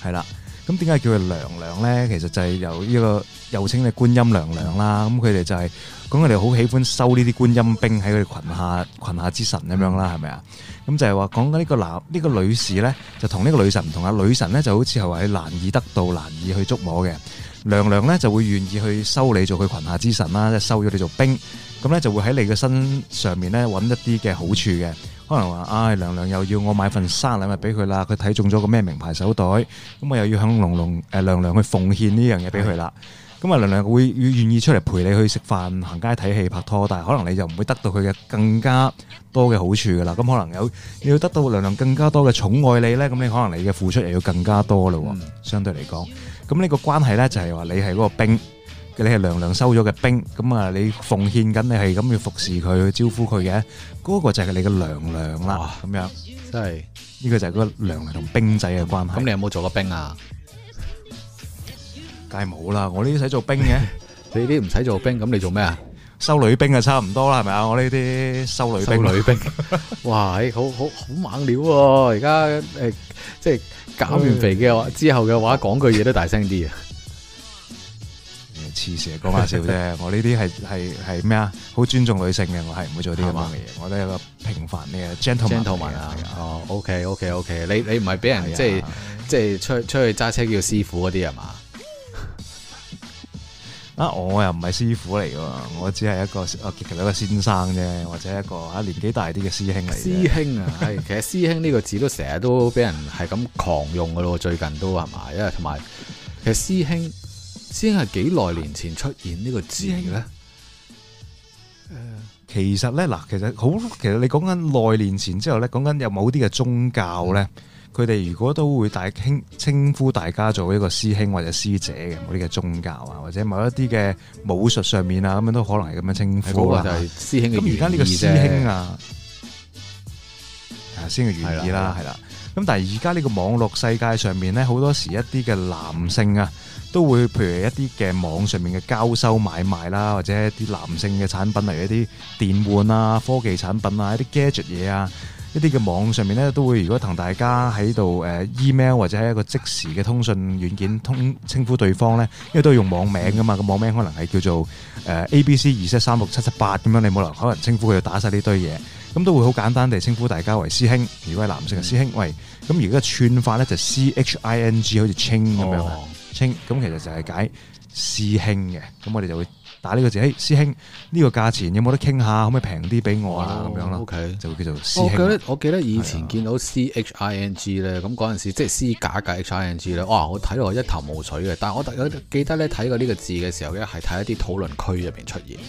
係啦。咁點解叫佢娘娘咧？其實就係由呢個又稱嘅觀音娘娘啦。咁佢哋就係講佢哋好喜歡收呢啲觀音兵喺佢哋群下羣下之神咁樣啦，係咪啊？咁就係話講緊呢個男呢、呢個女士咧，就同呢個女神唔同啊。女神咧就好似係話喺難以得到、難以去捉摸嘅。娘娘咧就會願意去收你做佢群下之神啦，即係收咗你做兵。咁咧就會喺你嘅身上面咧揾一啲嘅好處嘅。可能話，唉，梁、哎、梁又要我買份生日禮物俾佢啦，佢睇中咗個咩名牌手袋，咁我又要向龍龍誒梁梁去奉獻呢樣嘢俾佢啦。咁啊梁梁會願意出嚟陪你去食飯、行街、睇戲、拍拖，但係可能你就唔會得到佢嘅更加多嘅好處噶啦。咁可能有你要得到梁梁更加多嘅寵愛你呢，咁你可能你嘅付出又要更加多咯。嗯、相對嚟講，咁呢個關係呢，就係、是、話你係嗰個兵。你係娘娘收咗嘅兵，咁啊你奉獻緊，你係咁要服侍佢，去招呼佢嘅，嗰個就係你嘅娘娘啦。咁樣，真係呢個就係嗰個娘娘同兵仔嘅關係。咁你有冇做過兵啊？梗係冇啦，我呢啲使做兵嘅，你呢啲唔使做兵，咁你做咩啊？收女兵啊，差唔多啦，係咪啊？我呢啲收女兵，女兵，哇，好好好猛料喎！而家誒，即係減完肥嘅之後嘅話，講句嘢，都大聲啲啊！似事講玩笑啫， [LAUGHS] 我呢啲係係係咩啊？好尊重女性嘅，我係唔會做啲咁樣嘅嘢。我都係一個平凡嘅 gentleman, gentleman。係啊。哦，OK OK OK。你你唔係俾人即係即係出出去揸車叫師傅嗰啲係嘛？ [LAUGHS] 啊，我又唔係師傅嚟喎，我只係一個其實一個先生啫，或者一個嚇年紀大啲嘅師兄嚟。師兄啊，係 [LAUGHS] 其實師兄呢個字都成日都俾人係咁狂用噶咯，最近都係嘛？因為同埋其實師兄先係幾耐年前出現呢個師兄咧，呃？其實咧嗱，其實好，其實你講緊耐年前之後咧，講緊有某啲嘅宗教咧，佢哋如果都會大稱稱呼大家做一個師兄或者師姐嘅某啲嘅宗教啊，或者某一啲嘅武術上面啊，咁樣都可能係咁樣稱呼啦，就係師兄。咁而家呢個師兄啊，係師兄嘅原意啦，係啦。咁但係而家呢個網絡世界上面呢，好多時一啲嘅男性啊，都會譬如一啲嘅網上面嘅交收買賣啦，或者一啲男性嘅產品，例如一啲電玩啊、科技產品啊、一啲 gadget 嘢啊，一啲嘅網上面呢，都會，如果同大家喺度 email 或者喺一個即時嘅通訊軟件通稱呼對方呢，因為都係用網名噶嘛，個網名可能係叫做誒 A B C 二七三六七七八咁樣，你冇可，可能稱呼佢就打晒呢堆嘢。咁都會好簡單地稱呼大家為師兄，如果係男性嘅師兄，嗯、喂，咁而家串法咧就 C H I N G，好似清咁樣，清、哦、咁其實就係解師兄嘅，咁我哋就會打呢個字，誒、哎、師兄，呢、呢個價錢有冇得傾下，可唔可以平啲俾我啊？咁樣，OK，就會叫做師兄。我記得以前見到 C H I N G 咧，咁嗰陣時即係 C 假嘅 H I N G 咧，哇！我睇落係一頭霧水嘅，但係我特記得咧睇過呢個字嘅時候咧，係睇一啲討論區入邊出現嘅。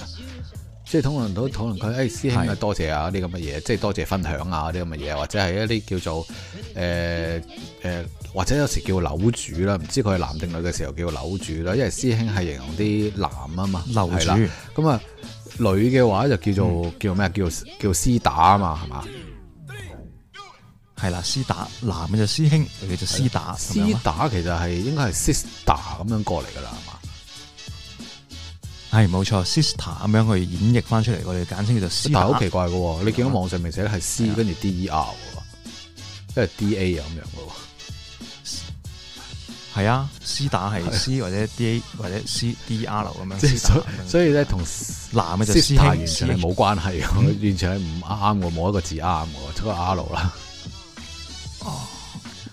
即係討論到討論佢，誒、哎、師兄咪多謝啊啲咁嘅嘢，即係多謝分享啊啲咁嘅嘢，或者係一啲叫做誒誒、呃呃，或者有時叫樓主啦，唔知佢係男定女嘅時候叫樓主啦，因為師兄係形容啲男啊嘛，樓主咁啊女嘅話就叫做叫咩啊？叫叫師打啊嘛，係嘛？係啦，師打男嘅就師兄，叫做師打。師打其實係應該係 sister 咁樣過嚟㗎啦。係冇錯，Sister 咁樣去演繹翻出嚟，我哋簡稱就 Sister，好奇怪嘅。你見到網上面寫係 C 跟住 D R，即係 D A 咁樣嘅。係啊 Sister 係 C, C 或者 D A 或者 C D R 咁樣。即、就是、所以咧，同男嘅 Sister 完全係冇關係，完全係唔啱嘅，冇 [LAUGHS] 一個字啱嘅，除、就、咗、是、R 啦。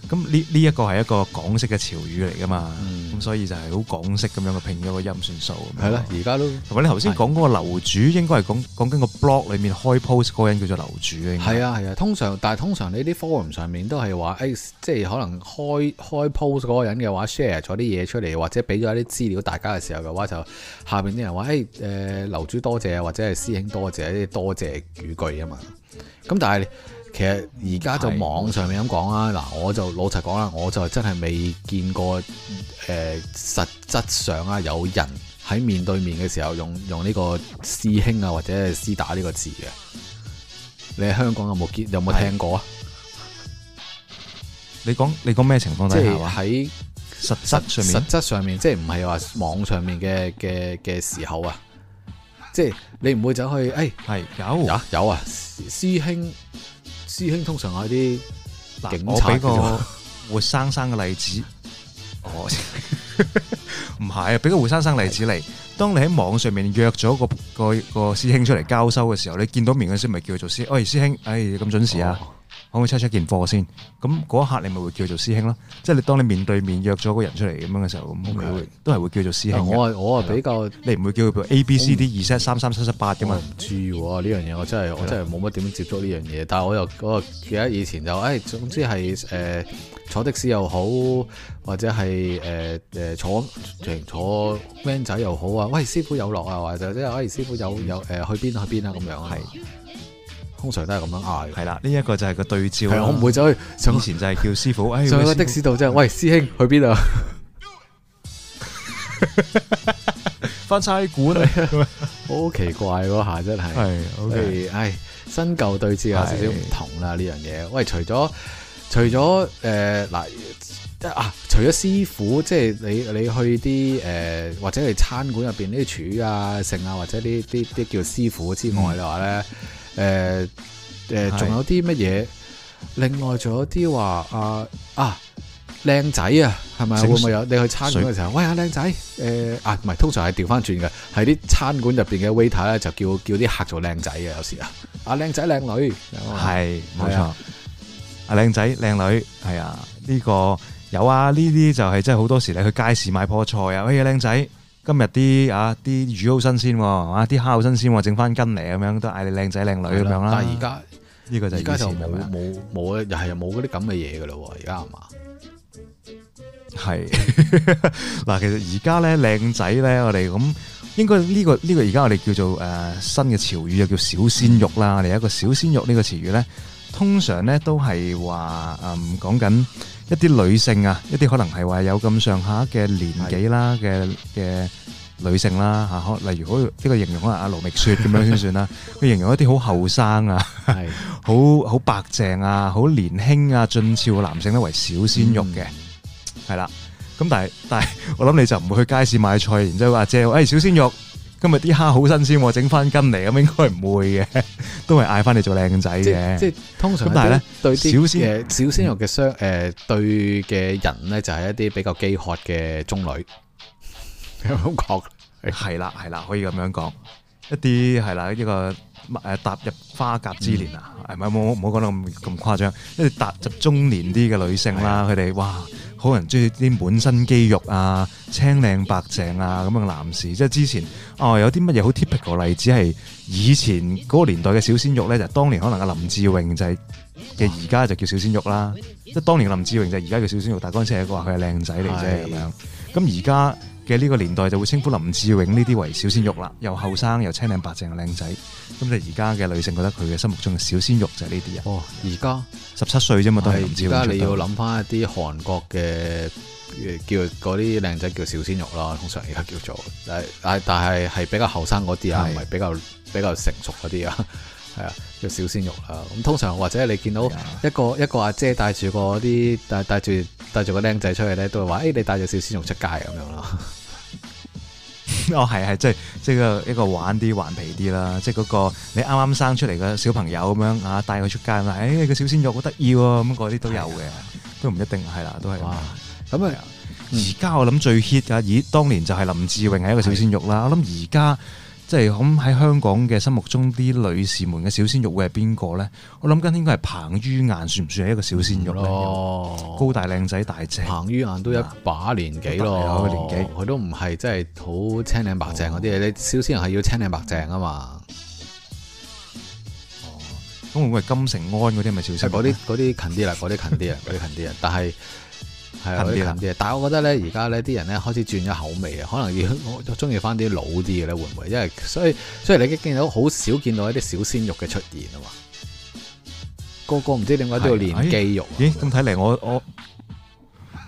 咁呢呢一個係一個港式嘅潮語嚟㗎嘛，咁、嗯、所以就係好港式咁樣嘅拼咗個音算數。係、嗯、啦，而家都同埋你頭先講嗰個樓主，應該係講講緊個 blog 裏面開 post 嗰個人叫做樓主應該。係啊係啊，通常但係通常呢啲 forum 上面都係話、哎，即係可能開,開 post 嗰個人嘅話，share 咗啲嘢出嚟或者俾咗啲資料大家嘅時候嘅話，就下面啲人話，誒、哎呃、樓主多謝或者係師兄多謝、就係、多謝語句啊嘛。咁但係。其實而家就網上面咁講啦，嗱，我就老實講啦，我就真係未見過誒、呃，實質上啊，有人喺面對面嘅時候用用呢個師兄啊或者係師打呢個字嘅。你喺香港有冇見有冇聽過啊？你講你講咩情況都係喺實質上實質上面，即係唔係話網上面嘅嘅嘅時候啊？即係你唔會走去誒係、哎、有、有、有啊有啊師、師兄。師兄通常係啲、啊，我俾個活生生嘅例子。哦， [LAUGHS] [LAUGHS] 唔係啊，俾個活生生例子嚟。當你喺網上面約咗個個個師兄出嚟交收嘅時候，你見到面嗰時咪叫佢做師。喂，哎，師兄，哎，咁準時啊！我會 check 出一件貨先，咁嗰一刻你咪會叫做師兄咯。即係你當你面對面約咗個人出嚟咁樣嘅時候，咁佢都係會叫做師兄。我係我係比較你唔會叫佢叫 A, A B C D 二七三三七七八嘅嘛？唔知喎呢樣嘢，我真係、嗯、我真係冇乜點接觸呢樣嘢。但係我又嗰個記得以前就誒、哎、總之係誒、呃、坐的士又好，或者係誒誒坐停坐 man 仔又好啊。喂，師傅有落啊，或者即係誒師傅有有誒、呃、去邊去邊啊咁樣啊。通常都係咁樣嗌。係啦，呢一個就係個對照。我唔會走去。以前就係叫師傅、哎。上咗的士度即係，喂，師兄去邊度、啊？翻差館啊，好奇怪嗰下真係。OK 唉，新舊對照有少少唔同啦呢樣嘢。喂，除咗除咗誒嗱啊，除咗師傅，即係你你去啲誒、呃，或者係餐館入邊啲廚啊、剩啊，或者呢啲啲叫師傅之外嘅話咧，嗯誒、呃、誒，仲、呃、有啲乜嘢？啊、另外仲有啲話啊啊，靚仔啊，係咪會唔會有你去餐館嘅時候？喂啊，靚仔！誒、呃、啊，唔係，通常係調翻轉嘅，喺啲餐館入邊嘅 waiter 咧，就叫叫啲客做靚仔嘅，有時啊，啊靚仔靚女係冇錯。啊靚仔靚女係啊，呢、啊這個有啊，呢啲就係真係好多時你去街市買破菜啊，喂啊靚仔。今日啲啊啲魚好新鮮，哇、啊！啲蝦好新鮮，整翻斤嚟咁樣，都嗌你靚仔靚女咁樣啦。而家呢個就而家就冇冇冇，又係冇嗰啲咁嘅嘢噶咯。而家係嘛？係嗱， [LAUGHS] 其實而家咧靚仔咧，我哋咁應該呢、呢個呢、呢個而家我哋叫做誒、呃、新嘅潮語，又叫小鮮肉啦。嚟一個小鮮肉呢個詞語咧，通常咧都係話誒講緊。一啲女性啊，一啲可能係話有咁上下嘅年紀啦嘅嘅女性啦嚇，例如好呢個形容可能阿盧覓雪點樣先算啦。佢形容一啲好後生啊，好好白淨啊，好年輕啊，俊俏嘅男性咧為小鮮肉嘅，係啦。咁但係但係我諗你就唔會去街市買菜，然之後話即係誒小鮮肉。今日啲蝦好新鮮，整翻斤嚟，咁應該唔會嘅，都係嗌翻你做靚仔嘅。即係通常啲小鮮小鮮肉嘅相，誒，對嘅人咧，就係一啲比較飢渴嘅中女，咁覺係啦，係啦，可以咁樣講，一啲係啦，呢個。誒踏入花甲之年啊，誒係咪冇冇講到咁咁誇張，因為踏入中年啲嘅女性啦，佢、mm、哋 -hmm. 哇好多人中意啲滿身肌肉啊、青靚白淨啊咁嘅男士，即、就、係、是、之前哦有啲乜嘢好 typical 例子係以前嗰個年代嘅小鮮肉咧，就係、是、當年可能嘅林志穎就係嘅，而家就叫小鮮肉啦，即、就、係、是、當年林志穎就係而家叫小鮮肉，但嗰陣時係話佢係靚仔嚟啫咁樣，咁而家。嘅呢個年代就會稱呼林志穎呢啲為小鮮肉啦，又後生又青靚白淨嘅靚仔，咁你而家嘅女性覺得佢嘅心目中嘅小鮮肉就係呢啲人。哦，而家17而家十七歲啫嘛，但係而家你要諗返一啲韓國嘅叫嗰啲靚仔叫小鮮肉啦，通常而家叫做，但係但係係比較後生嗰啲啊，唔係比較比較成熟嗰啲啊。係啊，叫小鮮肉啦。咁通常或者你見到一個、啊、一個阿姐帶住個啲帶帶住帶住個僆仔出去咧，都會話，誒、hey，你帶住小鮮肉出街咁樣咯。 [LAUGHS] 哦，係啊，係即係即係一個玩啲，頑皮啲啦。即係嗰個你啱啱生出嚟嘅小朋友咁樣啊，帶佢出街啦。誒，個小鮮肉好得意喎，咁嗰啲都有嘅、啊，都唔一定係啦，都係。咁啊，而家、嗯、我諗最 hit 啊，而當年就係林志穎係一個小鮮肉啦。我諗而家。即係咁，喺香港嘅心目中啲女士們嘅小鮮肉會係邊個咧？我諗緊應該係彭于晏算唔算係一個小鮮肉咧、嗯？高大靚仔大隻，彭于晏都一把年紀咯，啊、年紀佢、哦、都唔係即係好青靚白淨嗰啲嘢，你小鮮人係要青靚白淨啊嘛。哦，咁會唔會係咪金城安嗰啲咪小鮮，嗰啲嗰啲近啲啦，嗰啲近啲啊，嗰 [LAUGHS] 啲近啲啊，但係。係，啊，以行啲但係我覺得咧，而家呢啲人咧開始轉咗口味啊，可能要我中意翻啲老啲嘅咧，會唔會？因為所以所以你見到好少見到一啲小鮮肉嘅出現啊嘛，個個唔知點解都要練肌肉。咦？咁睇嚟，我我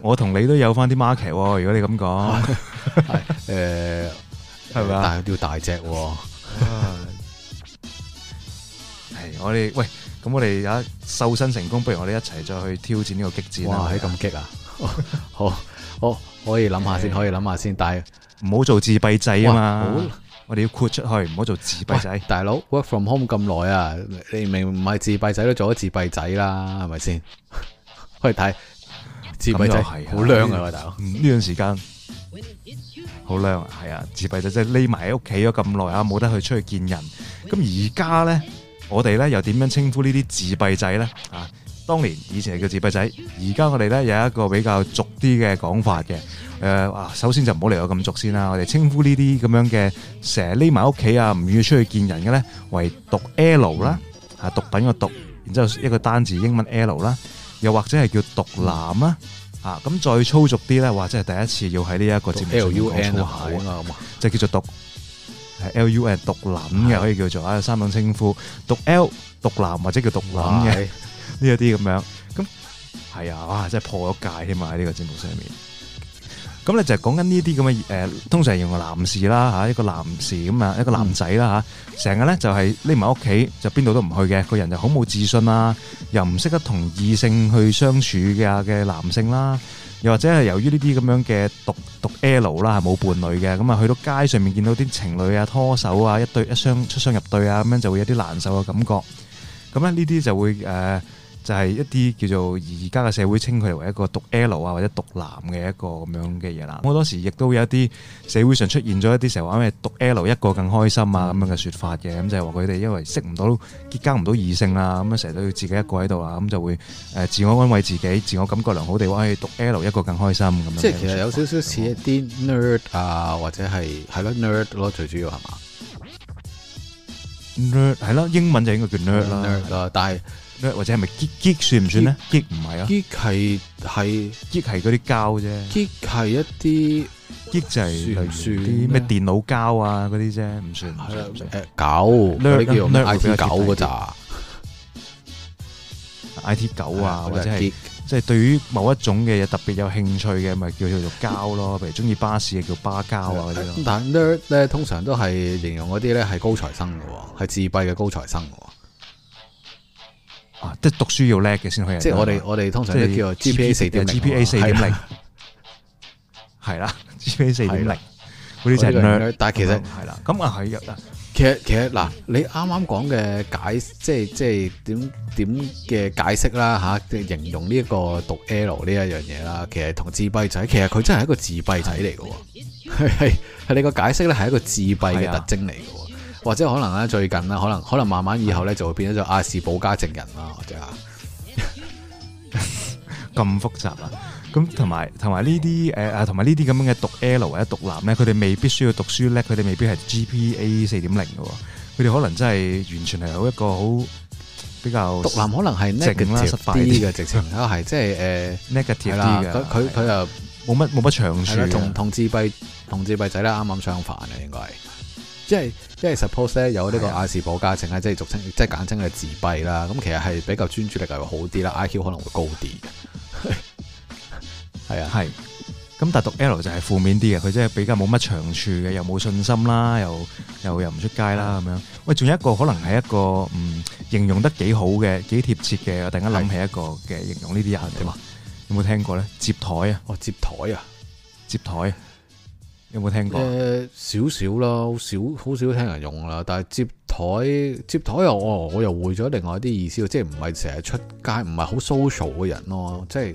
我同你都有翻啲 market 喎。如果你咁講，係誒，係咪啊？但係都要大隻喎。係， [LAUGHS] 我哋喂，咁我哋而家瘦身成功，不如我哋一齊再去挑戰呢個激戰啊！哇，咁激啊！ [LAUGHS] 好，好，可以諗下先，可以諗下先，但係唔好做自閉仔啊嘛！我哋要豁出去，唔好做自閉仔。大佬 work from home 咁耐啊，你明明唔係自閉仔都做咗自閉仔啦，係咪先？可以睇自閉仔好靚啊大佬！呢、啊、 [LAUGHS] 段時間好靚啊，係 [LAUGHS] 啊！自閉仔即係匿埋喺屋企咗咁耐啊，冇得去出去見人。咁而家咧，我哋咧又點樣稱呼閉呢啲自閉仔咧？啊！當年以前係叫自閉仔，而家我哋咧有一個比較俗啲嘅講法嘅。誒，首先就唔好理我咁俗先啦。我哋稱呼呢啲咁樣嘅成日匿埋屋企啊，唔願意出去見人嘅咧，為毒 L 啦，嚇毒品嘅毒，然之後一個單字英文 L 啦，又或者係叫毒男啊，嚇咁再粗俗啲咧，或者係第一次要喺呢一個節目上講錯下，就叫做毒 L U N 毒男嘅，可以叫做啊三種稱呼，毒 L 毒男或者叫毒男嘅。呢一啲咁樣，咁係啊，哇！真係破咗戒添嘛。喺、這、呢個節目上面，咁咧就係講緊呢啲咁嘅，誒、呃，通常用個男士啦吓，一個男士咁啊，一個男仔啦吓，成日咧就係匿埋屋企，就邊、是、度都唔去嘅，個人就好冇自信啊，又唔識得同異性去相處嘅嘅男性啦，又或者係由於呢啲咁樣嘅獨獨 L 啦，係冇伴侶嘅，咁啊去到街上面見到啲情侶啊拖手啊，一對一雙出雙入對啊，咁樣就會有啲難受嘅感覺。咁咧呢啲就會誒。呃就係一啲叫做而家嘅社會稱佢為一個毒 L 啊，或者毒男嘅一個咁樣嘅嘢啦。好多時亦都有一啲社會上出現咗一啲成日話咩毒 L 一個更開心啊咁樣嘅説法嘅，咁就係話佢哋因為識唔到結交唔到異性啦，咁樣成日都要自己一個喺度啦，咁就會誒自我安慰自己，自我感覺良好地話誒毒 L 一個更開心咁樣。即係其實有少少似一啲 nerd 啊，或者係，係咯 nerd 咯最主要係嘛？nerd 係咯，英文就應該叫 nerd 啦，但係。或者係咪 Geek Geek 算唔算呢？Geek 唔係啊！Geek 係，係 Geek 係嗰啲膠啫。Geek 係一啲 Geek 就係算啲咩電腦膠啊嗰啲啫？唔算。係啊，唔算。誒，狗嗰啲叫 IT 狗，噶咋？IT 九啊，或者係即係對於某一種嘅嘢，特別有興趣嘅，咪、就是、叫佢做膠咯。譬如中意巴士嘅叫巴膠啊嗰啲咯。但係咧通常都係形容嗰啲咧係高材生噶，係自閉嘅高材生。即、啊、係讀書要叻嘅先可以，即係我哋、啊、我哋通常都叫做 GPA 四點 GPA 四點零，係啦，GPA 四點零，啊啊啊啊、就 nerd，但係其實係啦，咁啊係啊。其實其實嗱，你啱啱講嘅解，即係即係點點嘅解釋啦吓，即係形容呢一個讀 L 呢一樣嘢啦。其實同自閉仔，其實佢真係一個自閉仔嚟嘅，係係係你個解釋咧，係一個自閉嘅特徵嚟嘅。或者可能咧最近啦，可能可能慢慢以後咧就會變咗做亞氏保加症人啦，或者啊咁複雜啦。咁同埋同埋呢啲誒啊，同埋呢啲咁樣嘅毒 L 或者毒男咧，佢哋未必需要讀書叻，佢哋未必係 GPA 四點零嘅。佢哋可能真係完全係有一個好比較毒男可能係 negative 啲嘅直情，就是，係即係誒 negative 啲，佢佢又冇乜冇乜長處，同同自閉同自閉仔咧啱啱相反。啊，應該即係、啊、即係 suppose 呢，有呢個阿斯伯格症，即係俗稱，即係簡稱係自閉啦。咁其實係比較專注力係會好啲啦，I Q 可能會高啲。係啊，係。咁特讀 L 就係負面啲嘅，佢即係比較冇乜長處嘅，又冇信心啦，又又又唔出街啦咁樣。喂，仲有一個可能係一個嗯形容得幾好嘅，幾貼切嘅，我突然間諗起一個嘅形容呢啲人點嘛，有冇聽過呢？接台啊？哦，接台啊，接台。有冇聽過？誒，少少啦，好少好少聽人用啦。但係接台、接台又，哦，我又會咗另外一啲意思，即係唔係成日出街，唔係好 social 嘅人咯，即係。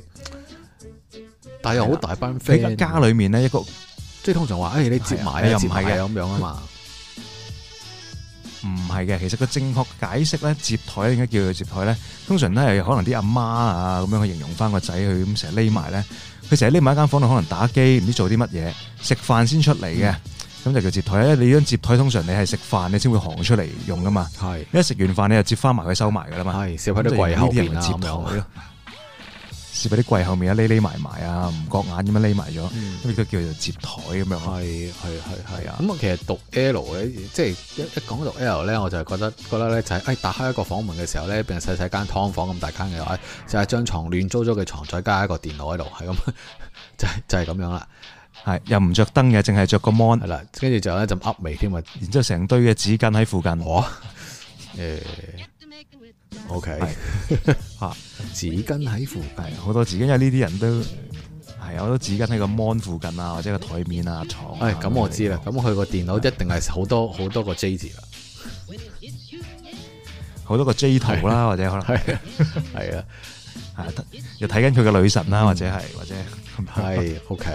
但係又好大班 friend，家裏面呢一個，即係通常話，誒、哎，你接埋又唔係嘅咁樣啊嘛。唔係嘅，其實個正確解釋咧，接台應該叫做接台咧？通常都係可能啲阿媽啊咁樣去形容翻個仔，佢咁成日匿埋咧，佢成日匿埋一間房度，可能打機唔知做啲乜嘢，食飯先出嚟嘅，咁就叫接台咧。你張接台通常你係食飯你先會行出嚟用噶嘛，係一食完飯你又接翻埋佢收埋噶啦嘛，係少喺啲櫃後邊啊咁樣咯。置喺啲櫃後面啊，匿匿埋埋啊，唔覺眼咁樣匿埋咗，咁亦都叫做接台咁樣咯。係係係係啊！咁啊，其實讀 L 咧，即係一一講到讀 L 咧，我就係覺得，覺得咧就係、是，誒、哎，打開一個房門嘅時候咧，變係細細間劏房咁大間嘅，就係張床亂糟糟嘅床，再加一個電腦喺度，係咁，就是、就係、是、咁樣啦。係又唔着燈嘅，淨係着個 mon 啦，跟住就有一陣噏味添啊，然之後成堆嘅紙巾喺附近。誒。欸。O K，吓紙巾喺附近，好多紙巾，因為呢啲人都係好多紙巾喺個 Mon 附近啊，或者個台面啊，床、啊。咁、哎，我知啦。咁佢個電腦一定係好多好多個 J 字啦、啊，好多個 J 圖啦、啊，或者可能係係啊， [LAUGHS] 又睇緊佢嘅女神啦、啊，或者係、嗯、或者。係 [LAUGHS] ，OK，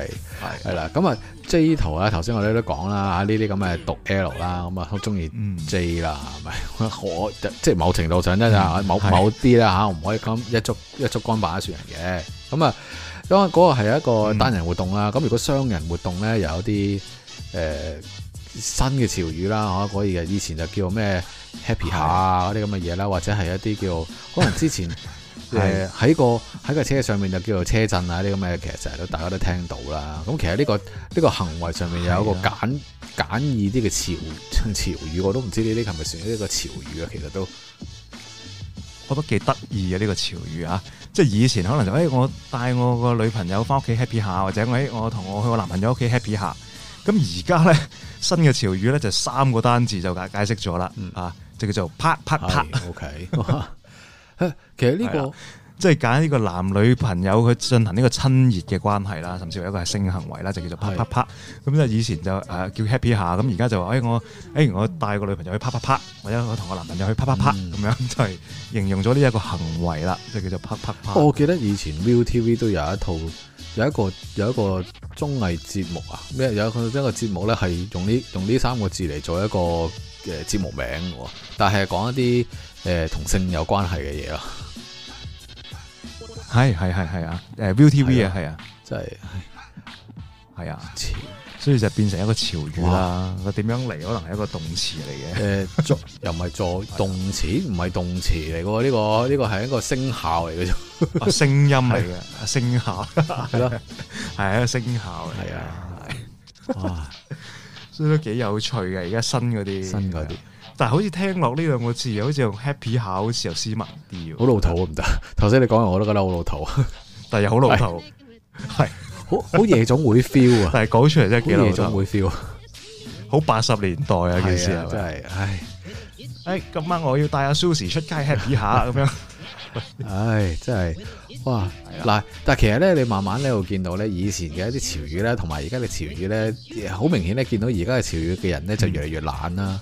係係啦，咁啊、嗯、J 圖啊，頭先我哋都講啦，吓呢啲咁嘅讀 L 啦、嗯，咁啊好中意 J 啦，係咪？即、就、係、是、某程度上咧啊，某某啲啦吓，唔可以咁一足一足光板一撮人嘅，咁啊，因為嗰個係一個單人活動啦，咁、嗯、如果雙人活動咧，又有啲誒、呃、新嘅潮語啦，吓可以，以前就叫咩 Happy 下 t 嗰啲咁嘅嘢啦，或者係一啲叫可能之前。 [LAUGHS] 誒，喺個喺個車上面就叫做車震啊！呢啲咁嘅其實成日都大家都聽到啦。咁其實呢、這個呢、這個行為上面有一個簡的簡易啲嘅潮潮語，我都唔知呢啲係咪算一個潮語啊？其實都，我覺得幾得意嘅呢個潮語啊！即係以前可能就誒、是哎，我帶我個女朋友翻屋企 happy 下，或者、哎、我同我去我男朋友屋企 happy 下。咁而家咧新嘅潮語咧就是三個單字就解解釋咗啦，啊，就叫做啪啪啪。okay [LAUGHS] 其實呢個即係揀呢個男女朋友去進行呢個親熱嘅關係啦，甚至乎一個係性行為啦，就叫做啪啪啪。咁咧以前就誒叫 Happy 下，咁而家就話誒我誒我帶個女朋友去啪啪啪，或者我同個男朋友去啪啪啪，咁、嗯、樣就係形容咗呢一個行為啦，就叫做啪啪啪。我記得以前 Viu TV 都有一套有一個有一個綜藝節目啊，咩有一個有一個節目咧係用呢用呢三個字嚟做一個嘅節目名，但係講一啲。誒、呃，同性有關係嘅嘢咯，係係係係啊，誒 Viu TV 啊，係啊，即係係啊，潮、啊，所以就變成一個潮語啦。佢點樣嚟？可能係一個動詞嚟嘅。誒、呃，又唔係作動詞，唔係動詞嚟嘅。呢、這個呢、這個係一個聲效嚟嘅啫，聲、哦、音嚟嘅，聲效係咯，係一個聲效，係啊，係、啊。都幾有趣嘅，而家新嗰啲，新嗰啲，但係好似聽落呢兩個字，好似用 happy 下，好似又斯文啲，好老土唔得。頭先你講嘅我都覺得好老土，但係又好老土，係好好夜總會 feel 啊！但係講出嚟真係幾老土，夜總會 feel，好八十年代啊件事啊，真係，唉，唉，今晚我要帶阿 Susie 出街 happy 下咁樣。唉，真係哇！嗱，但係其實咧，你慢慢咧會見到咧，以前嘅一啲潮語咧，同埋而家嘅潮語咧，好明顯咧見到而家嘅潮語嘅人咧就越嚟越懶啦。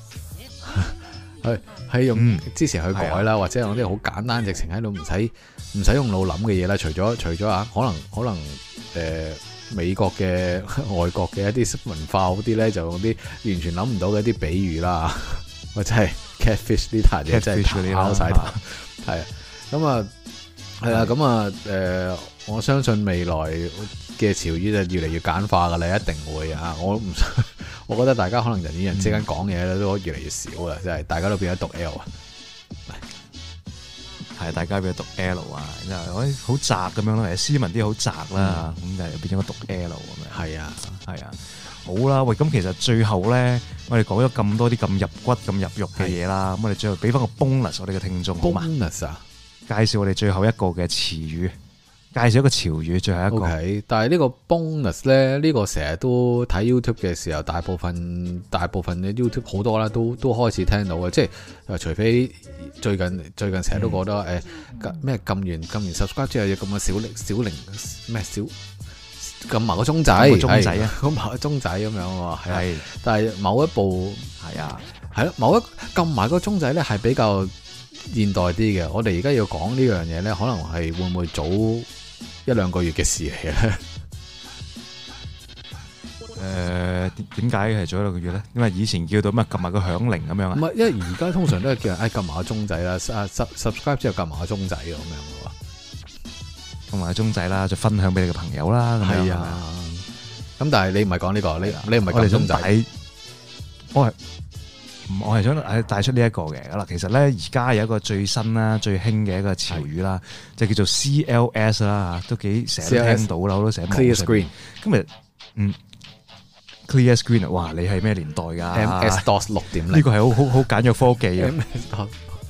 係、嗯、係用之前去改啦、嗯，或者用啲好簡單直情喺度唔使唔使用腦諗嘅嘢啦。除咗除咗啊，可能可能誒、呃，美國嘅外國嘅一啲文化嗰啲咧，就用啲完全諗唔到嘅一啲比喻、啊、啦。我真係 catfish 呢壇嘢真係晒係啊。咁啊，係啦，咁啊，誒、啊呃，我相信未來嘅潮語就越嚟越簡化噶啦，你一定會啊！我唔，我覺得大家可能人與人之間講嘢都越嚟越少啦，即、嗯、係、就是、大家都變咗讀、嗯、讀 L 啊，係大家變咗讀 L 啊，即係好好雜咁樣咯，斯文啲好雜啦，咁、嗯、就變咗讀 L 咁樣。係啊，係啊，啊，好啦，喂，咁其實最後咧，我哋講咗咁多啲咁入骨、咁入肉嘅嘢啦，咁、啊、我哋最後俾翻個 bonus 我哋嘅聽眾啊！介紹我哋最後一個嘅詞語，介紹一個潮語，最後一個。Okay，但係呢個 bonus 咧，呢、這個成日都睇 YouTube 嘅時候，大部分大部分嘅 YouTube 好多啦，都都開始聽到嘅，即係除非最近最近成日都覺得誒，咩、嗯、撳、哎、完撳完 subscribe 之後要撳個小零小零咩小撳埋個鐘仔，鐘仔啊，撳埋個鐘仔咁 [LAUGHS] 樣係，但係某一部係啊，係咯，某一撳埋個鐘仔咧係比較。現代啲嘅，我哋而家要講呢樣嘢咧，可能係會唔會早一兩個月嘅事嚟嘅咧？誒、呃，點解係早一兩個月咧？因為以前叫到咩撳埋個響鈴咁樣啊？唔係，因為而家通常都係叫人誒撳埋個鐘仔啦、啊、，subscribe 之後撳埋個鐘仔咁樣嘅喎，撳埋個鐘仔啦，就分享俾你嘅朋友啦，咁係啊。咁、啊、但係你唔係講呢個，你你唔係撳鐘仔，我係。我係想帶出呢一個嘅，咁啦，其實咧而家有一個最新啦、最興嘅一個詞語啦，就叫做 CLS 啦嚇，都幾成日聽到啦，我都成日問。Clear Screen，今日嗯，Clear Screen，哇！你係咩年代噶？MS DOS 六點零，呢個係好好好簡約科技嘅，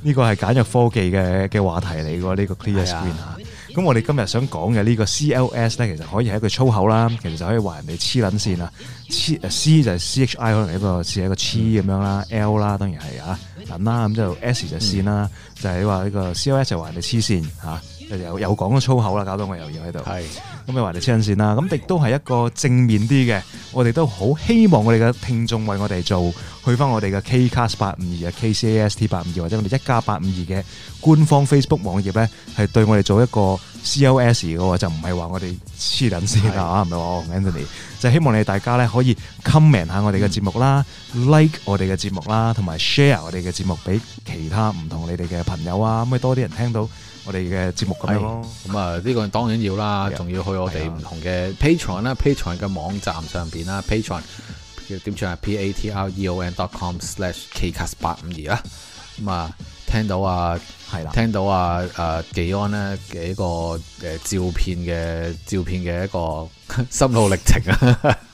呢個係簡約科技嘅嘅話題嚟嘅喎，呢個 Clear Screen。咁我哋今日想講嘅呢個 C L S 咧，其實可以係一個粗口啦，其實就可以話人哋黐捻線啦 C，C 就係 C H I 可能係一個似係一個痴咁樣啦，L 啦當然係啊，捻啦咁就 S 就線啦，嗯、就係話呢個 C L S 就話人哋黐線吓。又又講咗粗口啦，搞到我又要喺度。係咁，話你黐撚線啦。咁亦都係一個正面啲嘅，我哋都好希望我哋嘅聽眾為我哋做去翻我哋嘅 KCast 八五二嘅 KCast 八五二，或者我哋一家八五二嘅官方 Facebook 網頁咧，係對我哋做一個 COS 嘅，就唔係話我哋黐撚線啊，唔係，我同 Anthony 就希望你哋大家咧可以 comment 下我哋嘅節目啦，like 我哋嘅節目啦，同埋 share 我哋嘅節目俾其他唔同你哋嘅朋友啊，咁咪多啲人聽到。我哋嘅節目咁樣咯是，咁啊呢個當然要啦，仲要去我哋唔同嘅 Patreon 啦，Patreon 嘅網站上邊啦，Patreon 點算啊？P A T R E O N dot com slash kcast 八五二啦，咁啊聽到啊，係啦，聽到啊，誒幾、啊啊、安咧幾個誒照片嘅照片嘅一個心路歷程啊！ [LAUGHS] [LAUGHS]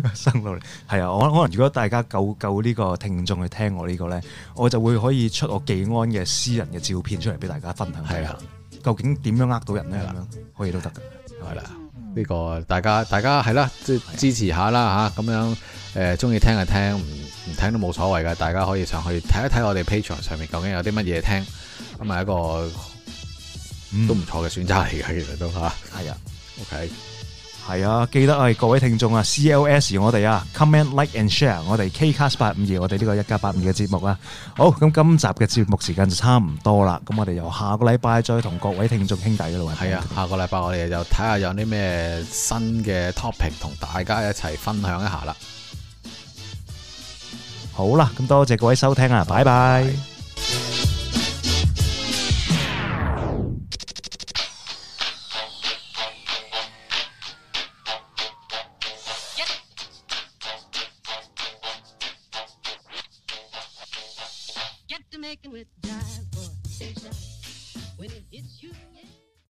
[LAUGHS] 生落嚟係啊，我可能如果大家夠夠呢個聽眾去聽我個呢個咧，我就會可以出我技安嘅私人嘅照片出嚟俾大家分享。係啊，究竟點樣呃到人咧咁樣，可以都得噶係啦。呢、啊啊這個大家大家係啦，即係、啊啊啊、支持下啦吓。咁、啊、樣誒，中、呃、意聽就聽，唔唔聽都冇所謂噶。大家可以上去睇一睇我哋 Patreon 上面究竟有啲乜嘢聽，咁係一個都唔錯嘅選擇嚟噶。其實都吓係啊。OK。係啊，記得啊，各位聽眾啊，CLS 我哋啊，comment, like and share 我哋 KCast852 我哋呢個一家八五二嘅節目啊。好，咁今集嘅節目時間就差唔多啦，咁我哋由下個禮拜再同各位聽眾兄弟嗰度係啊，下個禮拜我哋就睇下有啲咩新嘅 topic 同大家一齊分享一下啦。好啦，咁多謝各位收聽啊，拜拜。